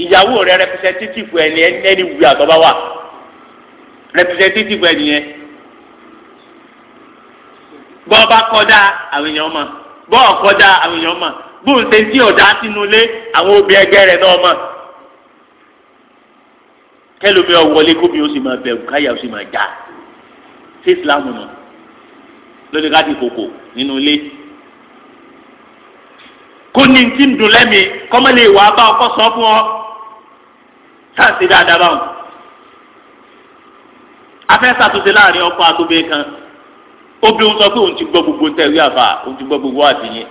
ìyàwó rẹ rẹpẹsẹtítífù ẹni ẹni wù àtọ́bá wà rẹpẹsẹtítífù ẹni yẹn bọ́ bá kọjá àwọn èèyàn mọ̀ bọ́ ọ̀kọjá àwọn èèyàn mọ̀ bóun ṣe tí ọ̀dá sínú ilé àwọn obì ẹgbẹ́ rẹ̀ náà mọ̀ kẹlòmí ọ̀wọ́lé kóbi ó sì máa bẹ̀rù káyà ó sì máa já sí ìsìlámù náà lónìí ká ti kòkò nínú ilé kó ní ti ń dùn lẹ́mi kọ́mọ́ lè wà á bá ọkọ sọ fún ọ sáàsì dáadáa báwọn. afẹ́ ṣàtúnṣe láàrin ọkọ àtòbẹ́ kan obìnrin sọ pé òun ti gbọ́ gbogbo tẹ̀wé àbá òun ti gbọ́ gbogbo àtìyìn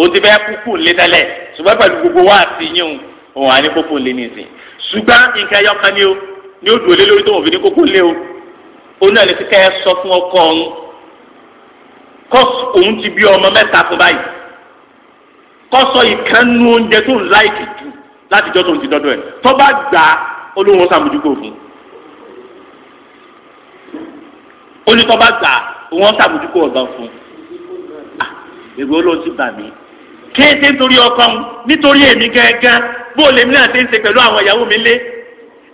òun ti fẹ́ kúkú lé tẹ́lẹ̀ ṣùgbọ́n pẹ̀lú gbogbo wa àtìyìn òun òun àní kókó lé ní ìsìn ṣùgbọ́n nǹkan ẹyọ kan ni ó ní ó dùn lé lórí tó wọ́n fi ní kókó lé o òun náà lè ti kẹ́ ẹ sọ fún ọkọ òun kọ́ òun ti bí ọmọ mẹ́ta fún báyìí kọ́sọ́ ìkànnú oúnjẹ tó ń láìkì jù láti jọ́ tó ń ti dọ́dọ̀ ẹ̀ tó bá gbà á olóhùn wọn sàmójúkò fún un ó ní tó bá gbà á wọn sàmójúkò ọ̀gá fún un ah, èrò olóhùn ti bà mí kéèké nítorí ọkọ ń nítorí èmi gángan bó o lè mí náà ṣe ń ṣe pẹ̀lú àwọn ìyàwó mi lé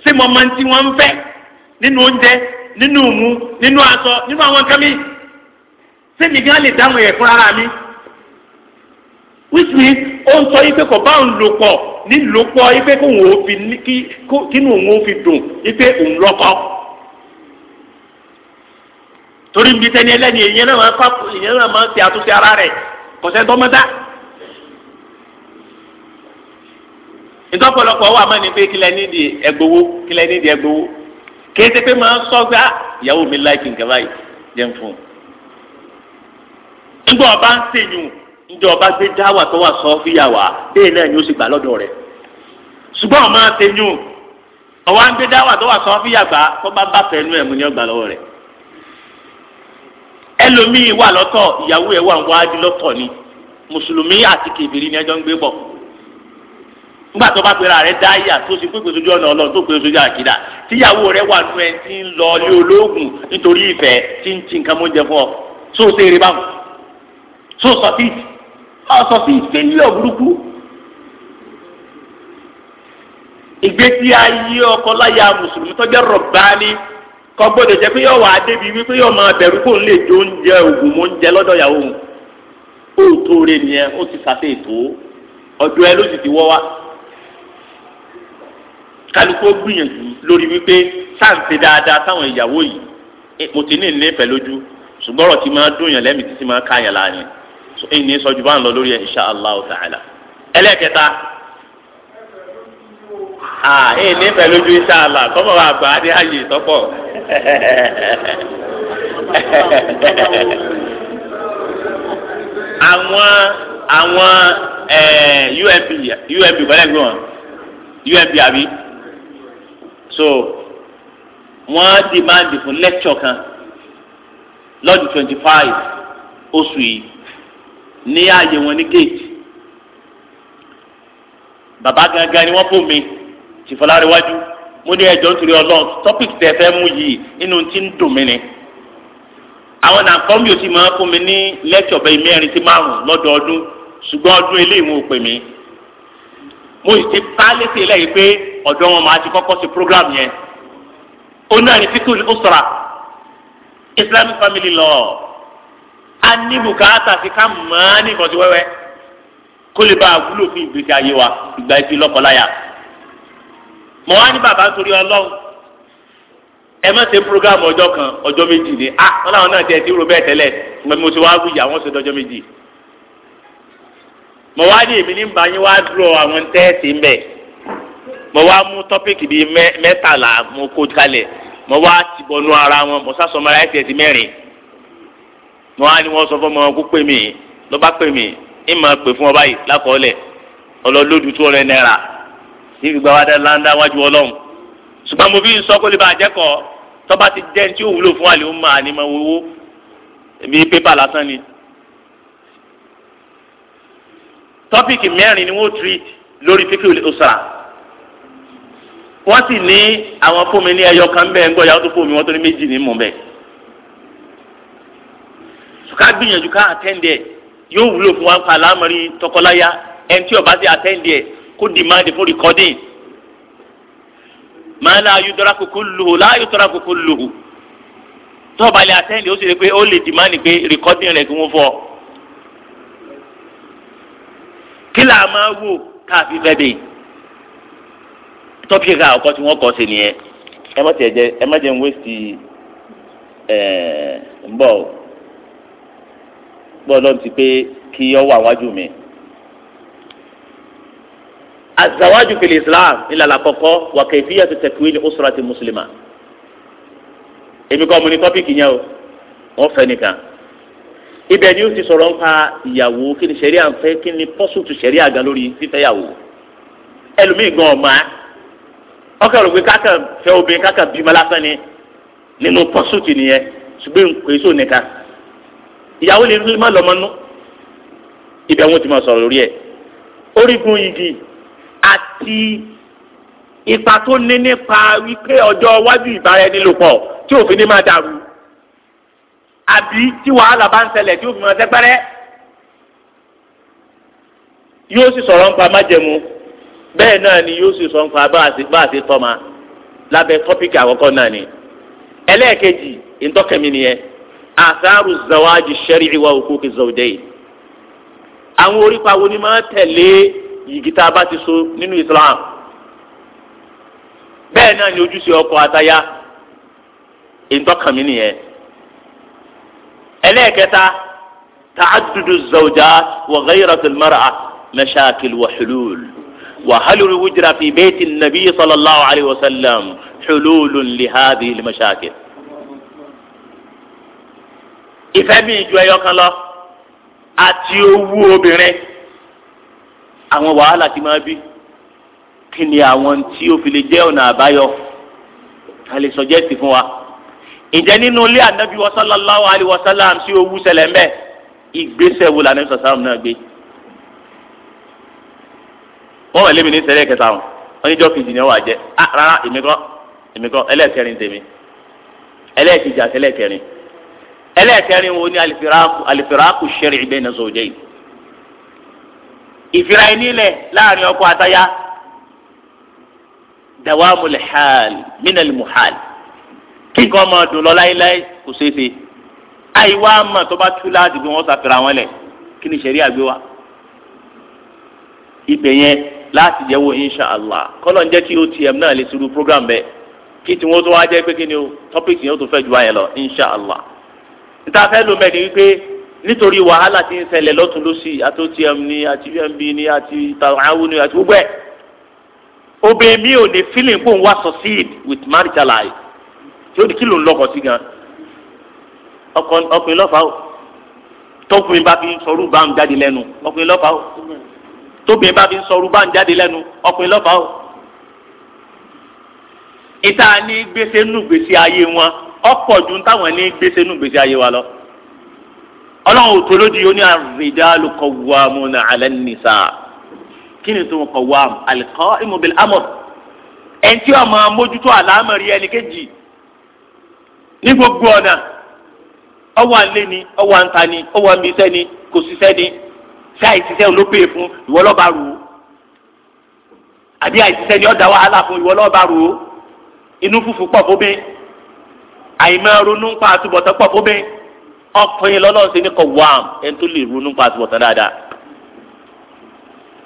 ṣé mo máa ń tí wọ́n ń fẹ́ nínú oúnjẹ nínú ìmú nínú aṣọ nínú àwọn nǹkan mi ṣé mi gán lè dáhùn ẹ̀ fún ara mi which means ó ń sọ yí pé kò bá òun lò pọ̀ nílò pọ̀ yí pé kó òun ò fi kí kínú òun ò fi dùn yí pé òun lọ́kọ. torí ń bi sẹ́ni ẹlẹ́ni ìyẹn náà máa kọ́ ìyẹn náà máa ti àtúnṣe ara rẹ̀ kò sẹ́ tọ́mọ́tà. ìtọ́pọ̀lọpọ̀ wà mọ́ ni pé kílẹ̀ nídìí ẹgbowó kílẹ̀ nídìí ẹgbowó kéde pé máa sọ gbá ah, ìyàwó mi láìkì nǹkan báyìí jẹun fún un. nígbà ọba ń sèyún njẹ́ ọba gbé dáwà tó wà sọ fìyà wá bẹ́ẹ̀ náà ni ó sì gbà lọ́dọ̀ rẹ̀ ṣùgbọ́n ọmọ àtẹnyù ọwọ́ à ń gbé dáwà tó wà sọ fìyà gbà tó bá bá fẹ́ mú ẹlòmíì wà ìyàwó wà ń ni mùsùlùmí àti kèbìrì ni ń gbé nígbà tó rẹ dá yà tó pépè ọ̀nà ọlọ́run tó jẹ fún ọ sóò sí báwọn ọ̀sọ̀ sí fẹ́líọ̀ burúkú ìgbésí ayé ọkọ láya mùsùlùmí tọ́jú rọ̀bánì kọ́ gbọ́dọ̀ jẹ́ pé yóò wà á débi wípé yóò máa bẹ̀rù kó n lè jó oúnjẹ òògùn mọ́ oúnjẹ lọ́dọ̀ ìyàwó òun ó tó re nìyẹn ó ti sàfẹ́ ètò ọ̀dọ̀ ẹ ló sì ti wọ́ wá kálukú gbìyànjú lórí wípé sáǹtì dáadáa táwọn ìyàwó yìí mo ti ní ìnífẹ̀ẹ́ lójú ṣùgbọ́n ọ̀rọ̀ ti máa dùn yàn lẹ́mìí títí máa ká yàn láàyàn ẹ̀yìn ní sọ́jú bá ń lọ lórí ẹ̀ insha Allah ta'ala. ẹlẹ́kẹta ẹ̀yìn ní pẹ̀lú ojú insha Allah kọ́mọ̀ bá gbà á ní ààyè tọ́pọ̀. àwọn àwọn UMP UMP kọ́lẹ́ gbé wọn àbí so wọ́n dìmáàdì fún lẹ́kṣọ̀ kan lọ́dún twenty five oṣù yìí ní ààyè wọn ní géètì bàbá gangan ni wọ́n bò mí tìfọláríwájú mo ní ẹjọ́ nítorí ọlọ́run topic tẹ fẹ́ mú yìí nínú tí ń dùn mí ni àwọn nàkọ́ mi ò ti máa fún mi ní lẹ́kṣọ̀ bẹ́ẹ̀ mẹ́rin sí márùn-ún lọ́dọọdún ṣùgbọ́n ọdún eléyìí wọn pè mí mo sì ti bá létí eléyìí pé ọ̀dọ́ wọn máa ti kọ́kọ́ sí program yẹn ó náà ní fíkùn ó sọ̀rọ̀ Islamic family law a ní bùkátà sí ká màá ní ìfọ̀síwẹ́wẹ́ kó lè bá a wúlò fún ìgbésí ayé wa ìgbà ìfi lọ́kọláya mọ̀ wá ní bàbá torí ọlọ́run ẹ má ṣe programu ọjọ́ kan ọjọ́ méjì ni a wọn làwọn náà tiẹ̀ ti rò bẹ́ẹ̀ tẹ́lẹ̀ mọ̀ mo ti wá wúyà wọ́n ṣe dọ́jọ́ méjì mọ̀ wá ní èmi ní bá yín wá dúró àwọn tẹ́ẹ̀sì ń bẹ̀ mọ̀ wá mú tọ́pìkì bíi mẹ́tàlá mo kó kalẹ̀ mọ̀ wá tìbọnú ara wọn mọ̀ sá sọmọ ara ti mẹ́rin wọn á ní wọn sọ fọmọ ọkú pè mí ló bá pè mí ń máa pè fún ọ báyìí lákọọ́lẹ̀ ọlọ́lódù tó rẹ náírà níbi gba wàdà láńdá wájú ọlọ́run ṣùgbọ́n mo fi ń sọ kó lè bá àjẹkọ̀ọ́ tọ́ba ti jẹ́ tí ó wúlò fún àlè ó máa ní máa wọ́wọ́ pépà lásán ni. tọ́pìkì mẹ́rin ni wọ́n treat lórí fíkì òsàrà wọ́n sì ní àwọn fóònù ní ẹyọ kan bẹ́ẹ̀ ń gbọ́ yàtọ̀ fóònù wọn tó ní méjì ní mọ̀ bẹ́ẹ̀ ká gbìyànjú ká àtẹ́ǹdì ẹ̀ yóò wúlò fún wa ń pa alámọ̀rí tọkọláya ẹni tí ó bá ti àtẹ́ǹdì ẹ̀ kó dìmáàdì fún rìkọ́dìn máa la ayúdọ́ra kókó lòó láàyò tọ́ra kókó lòó tọ́ọ̀bà lè àtẹ́ǹdì ó sì lè pé ó lè dìmáàdì pé rìkọ́dìn rẹ̀ kí wọ́n fọ́ kí là á máa wò káàfin fẹ́ bẹ́ẹ̀ tọ́pì ká ọkọ tí wọ́n kọ́ sí nìyẹn ẹ má tiẹ̀ jẹ ẹ má jẹ ń wéṣì ẹ̀ ń bọ̀ gbọ́dọ̀ ti pé kí ọ wà wájú mi. azawaju fil islam ìlànà àkọ́kọ́ wà kẹfíyà tó tẹkùwé ní usrati muslima. èmi kọ́ mo ní tọ́pìkì yẹn o wọ́n fẹ́ nìkan. ibẹ̀ ni ó ti sọ̀rọ̀ nípa ìyàwó kí ni ṣẹ̀ríà ń fẹ́ kí ni pọ́sùtù ṣẹ̀ríà gan lórí fífẹ́ yàwó. ẹlòmíì gan ọ̀ máa ọkọ rẹ pé káka fẹ́ obìnrin káka bímọ lásán ni nínú pọ́sùtù nìyẹn ṣùgbọ́n kò èso ìyàwó lè má lọ́mọ nú ibẹ̀ wọn ti máa sọ̀rọ̀ lórí ẹ̀ orígun igi àti ipa tó ní nípa wípé ọjọ́ iwájú ìbáraẹnilòpọ̀ tí òfin ní máa dàrú àbí tí wàhálà bá ń ṣẹlẹ̀ tí òfin máa sẹ́gbẹ́rẹ́ yóò sì sọ̀rọ̀ nípa májẹ̀mú bẹ́ẹ̀ náà ni yóò sì sọ̀rọ̀ nípa bá a ṣe tọ́ ma lábẹ́ tọ́pìkì àkọ́kọ́ náà ni ẹlẹ́ẹ̀kejì ìtọ́kẹ́mi nìyẹn آثار الزواج الشرعي وحقوق الزوجين أموري فاوني ما تلي كتابات سو نينو إسلام بينا نيوجو سيو قواتايا انتو كميني إليكتا تعدد الزوجات وغيرة المرأة مشاكل وحلول وهل الوجرة في بيت النبي صلى الله عليه وسلم حلول لهذه المشاكل ìfẹ́ mi ju ẹyọ kan lọ àti owú obìnrin àwọn wàhálà ti máa bí kí ni àwọn tí ó fi lè jẹ́ ọ̀nà àbáyọ a lè sọjẹ́tì fún wa ǹjẹ́ nínú ilé ànábi sallallahu alaihi wasallam sí owú ṣẹlẹ̀ mbẹ́ ìgbésẹ̀ wo lànà sọ̀sálàm náà gbé wọ́n wà lémi ní sẹ́lẹ̀ kẹta wọn wọ́n ní jọ́ kejì ni wọ́n wà jẹ́ ah rárá èmi kọ́ èmi kọ́ ẹlẹ́ẹ̀kẹrin tèmi ẹlẹ́ẹ̀kejì àti ẹlẹ́ẹ̀kẹrin ẹlẹ́ẹ̀kẹrin wo ni alifiraku alifiraku shar'i bayna zawjayn ìfira ẹni lẹ̀ láàrin ọkọ àtaya dawamul hal minal muhal kí nǹkan máa dùn lọ láéláé kò ṣeé ṣe àìwá àmọ́ tó bá tú láti bí wọ́n ṣàfihàn wọn lẹ̀ kí ni sẹ̀rí àgbé wa ibẹ̀ yẹn láti jẹ́wọ́ inshàlá kọ́lọ̀ ń jẹ́ kí otm náà lè ṣerú program bẹ́ẹ̀ kí tiwọn tó wá jẹ́ pé kí ni o topic yẹn ó tó fẹ́ ju báyẹn lọ inshàlá níta fẹ́ ló mẹ́ni wípé nítorí wàhálà ti ń ṣẹlẹ̀ lọ́tún lọ́sì àti otm ni àti vmb ni àti tàwọn àti gbogbo ẹ̀ obìnrin mi ò ní feeling kó n wá succeed with marital life tí ó ní kí ló ń lọkọ̀ sí gan ọkùnrin lọ́fà ó tọkùnrin bá fi ń sọrú bá ń jáde lẹ́nu ọkùnrin lọ́fà ó tóbìnrin bá fi sọrú bá ń jáde lẹ́nu ọkùnrin lọ́fà ó ìta ní gbèsè nù gbèsè ayé wọn ọ̀pọ̀ ju táwọn ní gbèsè nù gbèsè ayé wa lọ ọlọ́run ò tó lójú yìí ó ní ar-rijalu qawwamuna 'ala an-nisaa kí ni tó ń qawwam al-qa'imu bil-amr ẹni tí ọmọ mójútó àlámọ̀rí ẹni kejì ní gbogbo ọ̀nà ọwọ́ àlẹ́ ni ọwọ́ àǹtà ni ọwọ́ àmìṣẹ́ ni kò ṣiṣẹ́ ni ṣé àìṣiṣẹ́ ló pè fún ìwọ lọ́ba rò ó àbí àìṣiṣẹ́ ni ọ̀dà wàhálà fún ìwọ lọ́ba rò ó inú fùfú pọ̀ fún mi àyìnbá ronú ń pa àtúbọ̀tán pọ̀ fún bẹ́ẹ̀ ọkùnrin lọ́lọ́run sí ní kọ̀ wàm ẹni tó lè ronú ń pa àtúbọ̀tán dáadáa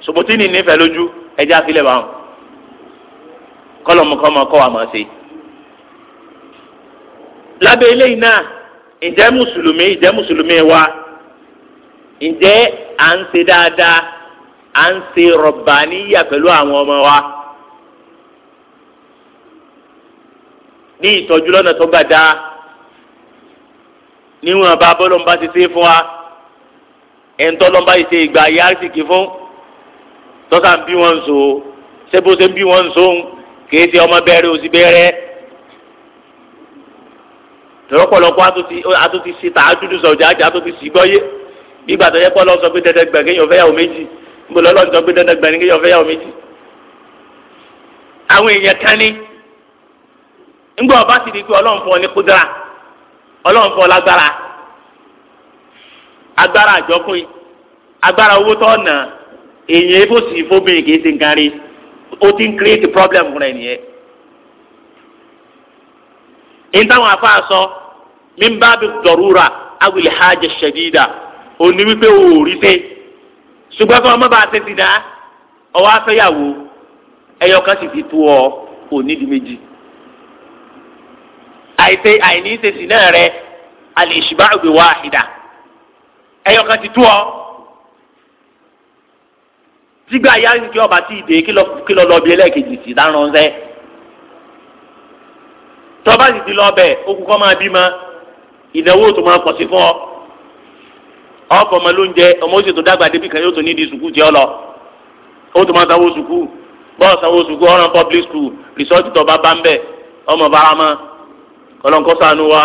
sòbòtí ni nífẹ̀ẹ́ lójú ẹjẹ́ àfilẹ̀ bá wọn kọ́lọ̀mù kọ́ mọ́ kọ́ wà mọ́ sí. lábẹ́ eléyìí náà ǹjẹ́ mùsùlùmí ǹjẹ́ mùsùlùmí wa ǹjẹ́ à ń ṣe dáadáa à ń ṣe rọ̀bàníyà pẹ̀lú àwọn ọmọ wa. ní ìtọ́jú lọ́nà tó gbà dáa níwọ̀n bá bọ́lọ́mbà ti ṣe fún wa ẹ̀ńtọ́lọ́mbà ti ṣe ìgbà ayé àrísìkì fún tọ́sà ń bí wọn ń so ṣé bó ṣe ń bí wọn ń so ń kìí ṣe ọmọ bẹ́ẹ̀rẹ̀ òsì bẹ́ẹ̀rẹ̀ lọ́pọ̀lọpọ̀ àtúntì ṣe tà á dúdú sọ̀jà àjà àtúntì sì gbọ́yé ìgbà tó yẹ kọ́ lọ pé dẹ́dẹ́ gbẹ̀ kéèyàn fẹ́ yàwó méjì ń sọ pé ngbe ọba si di pé ọlọ́run fún ọ ní kúdúrà ọlọ́run fún ọ owó tó ọ̀nà èèyàn ebó sì ti ń create problem fún ẹ nìyẹn. ní táwọn afáà sọ mímbá bí dọ̀rúra awìlì hajj ṣẹ̀dídà òní wípé òòrí ṣe ṣùgbọ́n fún ọmọ bá a ti dá ọwọ́ afẹ́yàwó kan ọ òní àìsè àìní ìsèsì náà rẹ àlèṣùbá òbí wá àhìdá ẹyọ kan ti tú ọ tígbà yá ni kí ọba tí ì dé kí lọ lọ bí ẹlẹ́ẹ̀kejì sí dáná ń sẹ́ tọ́ba sì ti lọ bẹ̀ okùn kọ́ máa bímọ ìnáwó tó máa pọ̀ sí fún ọ ọkọ̀ ọmọ ló ń jẹ ọmọ oṣù tó dàgbà débi kan yóò tó nídìí sùkúù tí ọ lọ ó tó máa sanwó sùkúù bọ́ọ̀ sanwó sùkúù ọ̀ràn public school resort tó bá ń bẹ̀ ọmọ bàrà mọ́ kọlọ́nkọ́ sànú wa.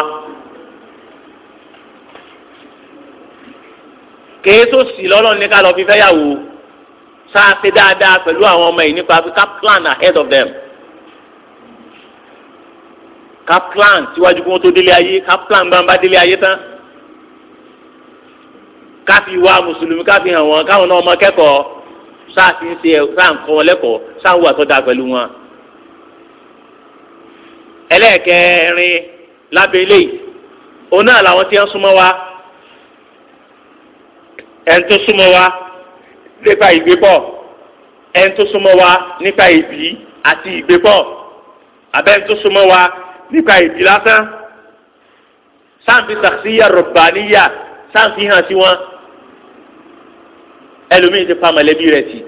kéésó sì lọ́lọ́run ní ká lọ fi fẹ́yàwó sáà ṣe dáadáa pẹ̀lú àwọn ọmọ yìí nípa ká plan ahead of them ká plan síwájú kí wọ́n tó délé ayé ká plan bá ń bá délé ayé tán ká fi wá mùsùlùmí ká fi hàn wọ́n káwọn náà ọmọ kẹ́kọ̀ọ́ sáà ti ń ṣe sáà ń kọ́ wọn lẹ́kọ̀ọ́ sáà ń wà tó dáa pẹ̀lú wọn ẹlẹ́ẹ̀kẹrin lábẹ́lẹ́ yìí òun náà làwọn tí ń súnmọ́ wa ẹ̀ ń tún súnmọ́ wa nípa ìgbébọ̀ ẹ̀ ń tún súnmọ́ wa nípa ìbí àti ìgbébọ̀ abẹ́ ń tún súnmọ́ wa nípa ìbí lásán sáǹfì sàkíyà rọ̀bàníyà sáǹfì hàn sí wọn ẹlòmíín ti pa mọ̀lẹ́bí rẹ̀ sí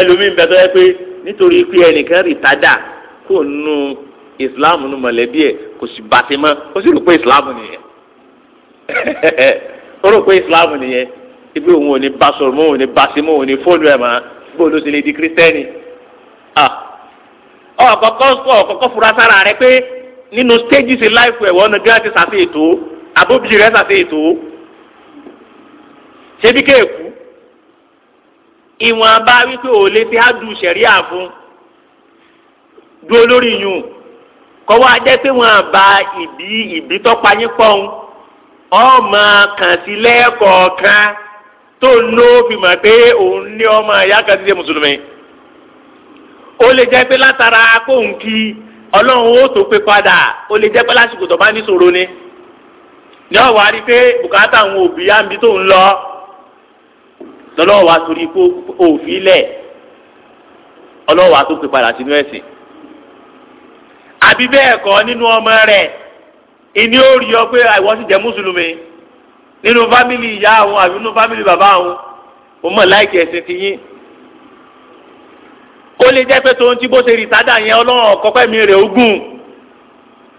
ẹlòmíín bẹ̀tọ́ pé nítorí pé ẹnìkan rìtádà kó nu ìsìláàmù nu mọ̀lẹ́bí ẹ̀ kò sì bàtí mọ́ ó sì rò pé ìsìláàmù nìyẹn [laughs] ó rò pé ìsìláàmù nìyẹn ibi òun ò ní bá sọ̀rọ̀ mọ́ òun ò ní bá sí mọ́ òun ò ní fóònù ẹ̀ mọ́ bó ló ti lè di kírísítẹ́nì ọ̀kọ̀kọ̀ ah. ọ̀kọ̀kọ̀ fura sára rẹ pé nínú stages in life ẹ̀ wọ́n gán ti sàfihàn ètò àbóbìrì rẹ̀ sàfihàn ètò ṣébí kéèkú ìwọ̀n bá wípé òun lè ti hádùn ṣẹ̀ríà fún un. du olori yun kọ́ wá jẹ́ pé wọ́n ba ìbí ìbí tọ́pa yín pọ́n ọmọ kàn sí lẹ́ẹ̀kọ̀ọ̀kan tó ló fi mọ̀ pé òun ní ọmọ ìyá kan ti ṣe mùsùlùmí ó lè jẹ́ pé látara kí ọlọ́run ó padà o lè jẹ́ pé lásìkò tó ni ní a rí pé bùkátà àwọn òbí yá to tó ń lọ torí àbí bẹ́ẹ̀ kọ́ nínú ọmọ rẹ̀ ìní ó rí ọ pé àìwọ́ ah, sì jẹ́ mùsùlùmí nínú fámìlì ìyá àwọn àbí nínú fámìlì bàbá àwọn mo mọ̀ láìkì ẹ̀sìn ti yín. ó lè jẹ́ pé tòun tí bó ṣe rí sádà yẹn ọlọ́run ọ̀kọ́pẹ́ mi rẹ̀ ogún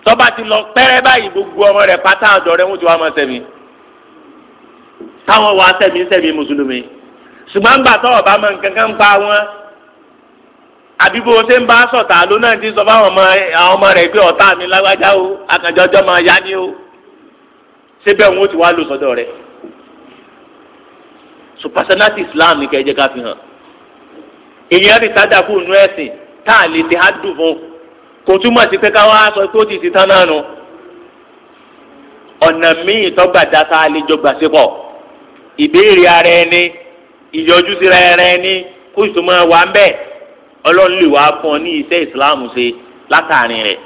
tọ́ba ti lọ pẹ́rẹ́ báyìí gbogbo ọmọ rẹ̀ pátá ọ̀dọ̀ rẹ̀ wọ́n ti wá máa sẹ́mi táwọn wá sẹ́mi sẹ́mi mùsùlùmí ṣùgbọ́n gbà tọ́ ọ̀bá àbí bó ṣe ń bá sọ̀tà ló náà ti sọ fáwọn ọmọ àwọn ọmọ rẹ̀ pé ọ̀tá mi lágbájá o akànjọ́jọ́ máa yá ni o ṣé bẹ́ẹ̀ wọn ó ti wá lò sọ́dọ̀ rẹ̀ so personality Islam ni ká fi hàn èyí rí sájà kù ẹ̀sìn tá a lè ti hádùn fún kò túmọ̀ sí pé ká wá sọ pé ó ti ti tán náà nu ọ̀nà míì tọ́gbà ìbéèrè ara ẹni ìyọjú síra ara ẹni kó ń ọlọ́run lè wá fún ọ ní iṣẹ́ ìsìláàmù ṣe látàrin rẹ̀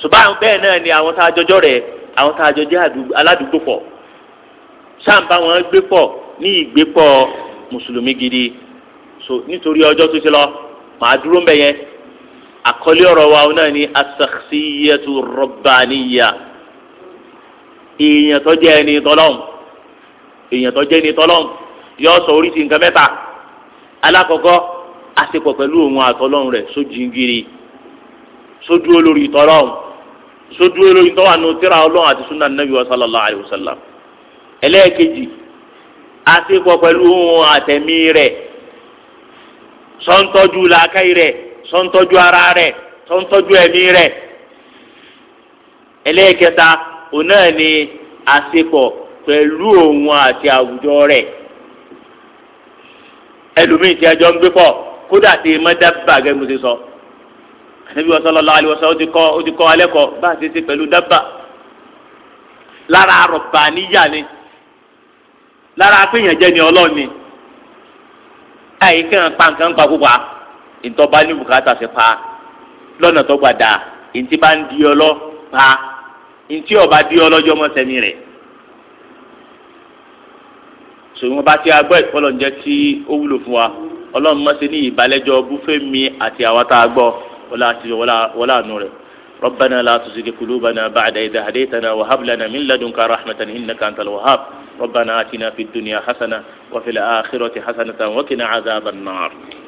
ṣùgbọ́n bẹ́ẹ̀ náà ni àwọn tá a jọjọ́ rẹ̀ àwọn tá a jọ jẹ́ aládùúgbò pọ̀ sáǹbà wọn gbé pọ̀ ní ìgbépọ̀ mùsùlùmí gidi so nítorí ọjọ́ tó ti lọ màá dúró mbẹ yẹn àkọlé ọ̀rọ̀ wa náà ni asaksiyatu rọ̀bàníyà èèyàn tó ẹni tọ́lọ́m èèyàn tó ẹni tọ́lọ́m yọ sọ oríṣi nǹkan mẹ́ta alákọ̀ọ́kọ́ àṣepọ̀ pẹ̀lú òun àtọ́lọ́run rẹ̀ sójìngiri sódúró lórí ìtọ́lọ́run sódúró lórí ìtọ́wà nù tíra ọlọ́run àti sunan nabi wa sallallahu alayhi wa sallam ẹlẹ́ẹ̀kejì àṣepọ̀ pẹ̀lú òun àtẹ̀mí rẹ̀ sọ́ńtọ́jú làákàyè rẹ̀ sọ́ńtọ́jú ara rẹ̀ sọ́ńtọ́jú ẹ̀mí rẹ̀ ẹlẹ́ẹ̀kẹta òun náà ni àṣepọ̀ pẹ̀lú òun àti àwùjọ rẹ̀ ẹlòmíì tí ẹjọ́ kódà tẹ ẹ mọ́dá bá gẹ́gẹ́ bí mo ti sọ. ànábi wa sọlọ lọ́wọ́ àlewọ́sọ ó ti kọ́ ó ti kọ́ alẹ́ kọ́ bá a ti ṣe pẹ̀lú dábà lára rọ̀bà níyà ni lára pínyànjẹ́ ni ọlọ́ọ̀ni àyíkẹ́ pa nǹkan pa púpà ìtọ́ba ní bùkátà sí pa lọ́nà tó gbà dáa ìtì bá ń di ọlọ́ pa ìtì ọba di ọlọ́jọ́ mọ́sẹ́mi rẹ̀ sòwọ́n bá ti agbọ́ ìkọlọ̀ ń ó wúlò fún wa. ọlọ́run má ṣe ní ìbálẹ́jọ́ búfẹ́ mi àti àwa tá a gbọ́ wọlé àti wọlé àánú rẹ̀ ربنا لا تزغ قلوبنا بعد إذ هديتنا وهب لنا من لدنك رحمة إنك أنت الوهاب ربنا آتنا في الدنيا حسنة وفي الآخرة حسنة وقنا عذاب النار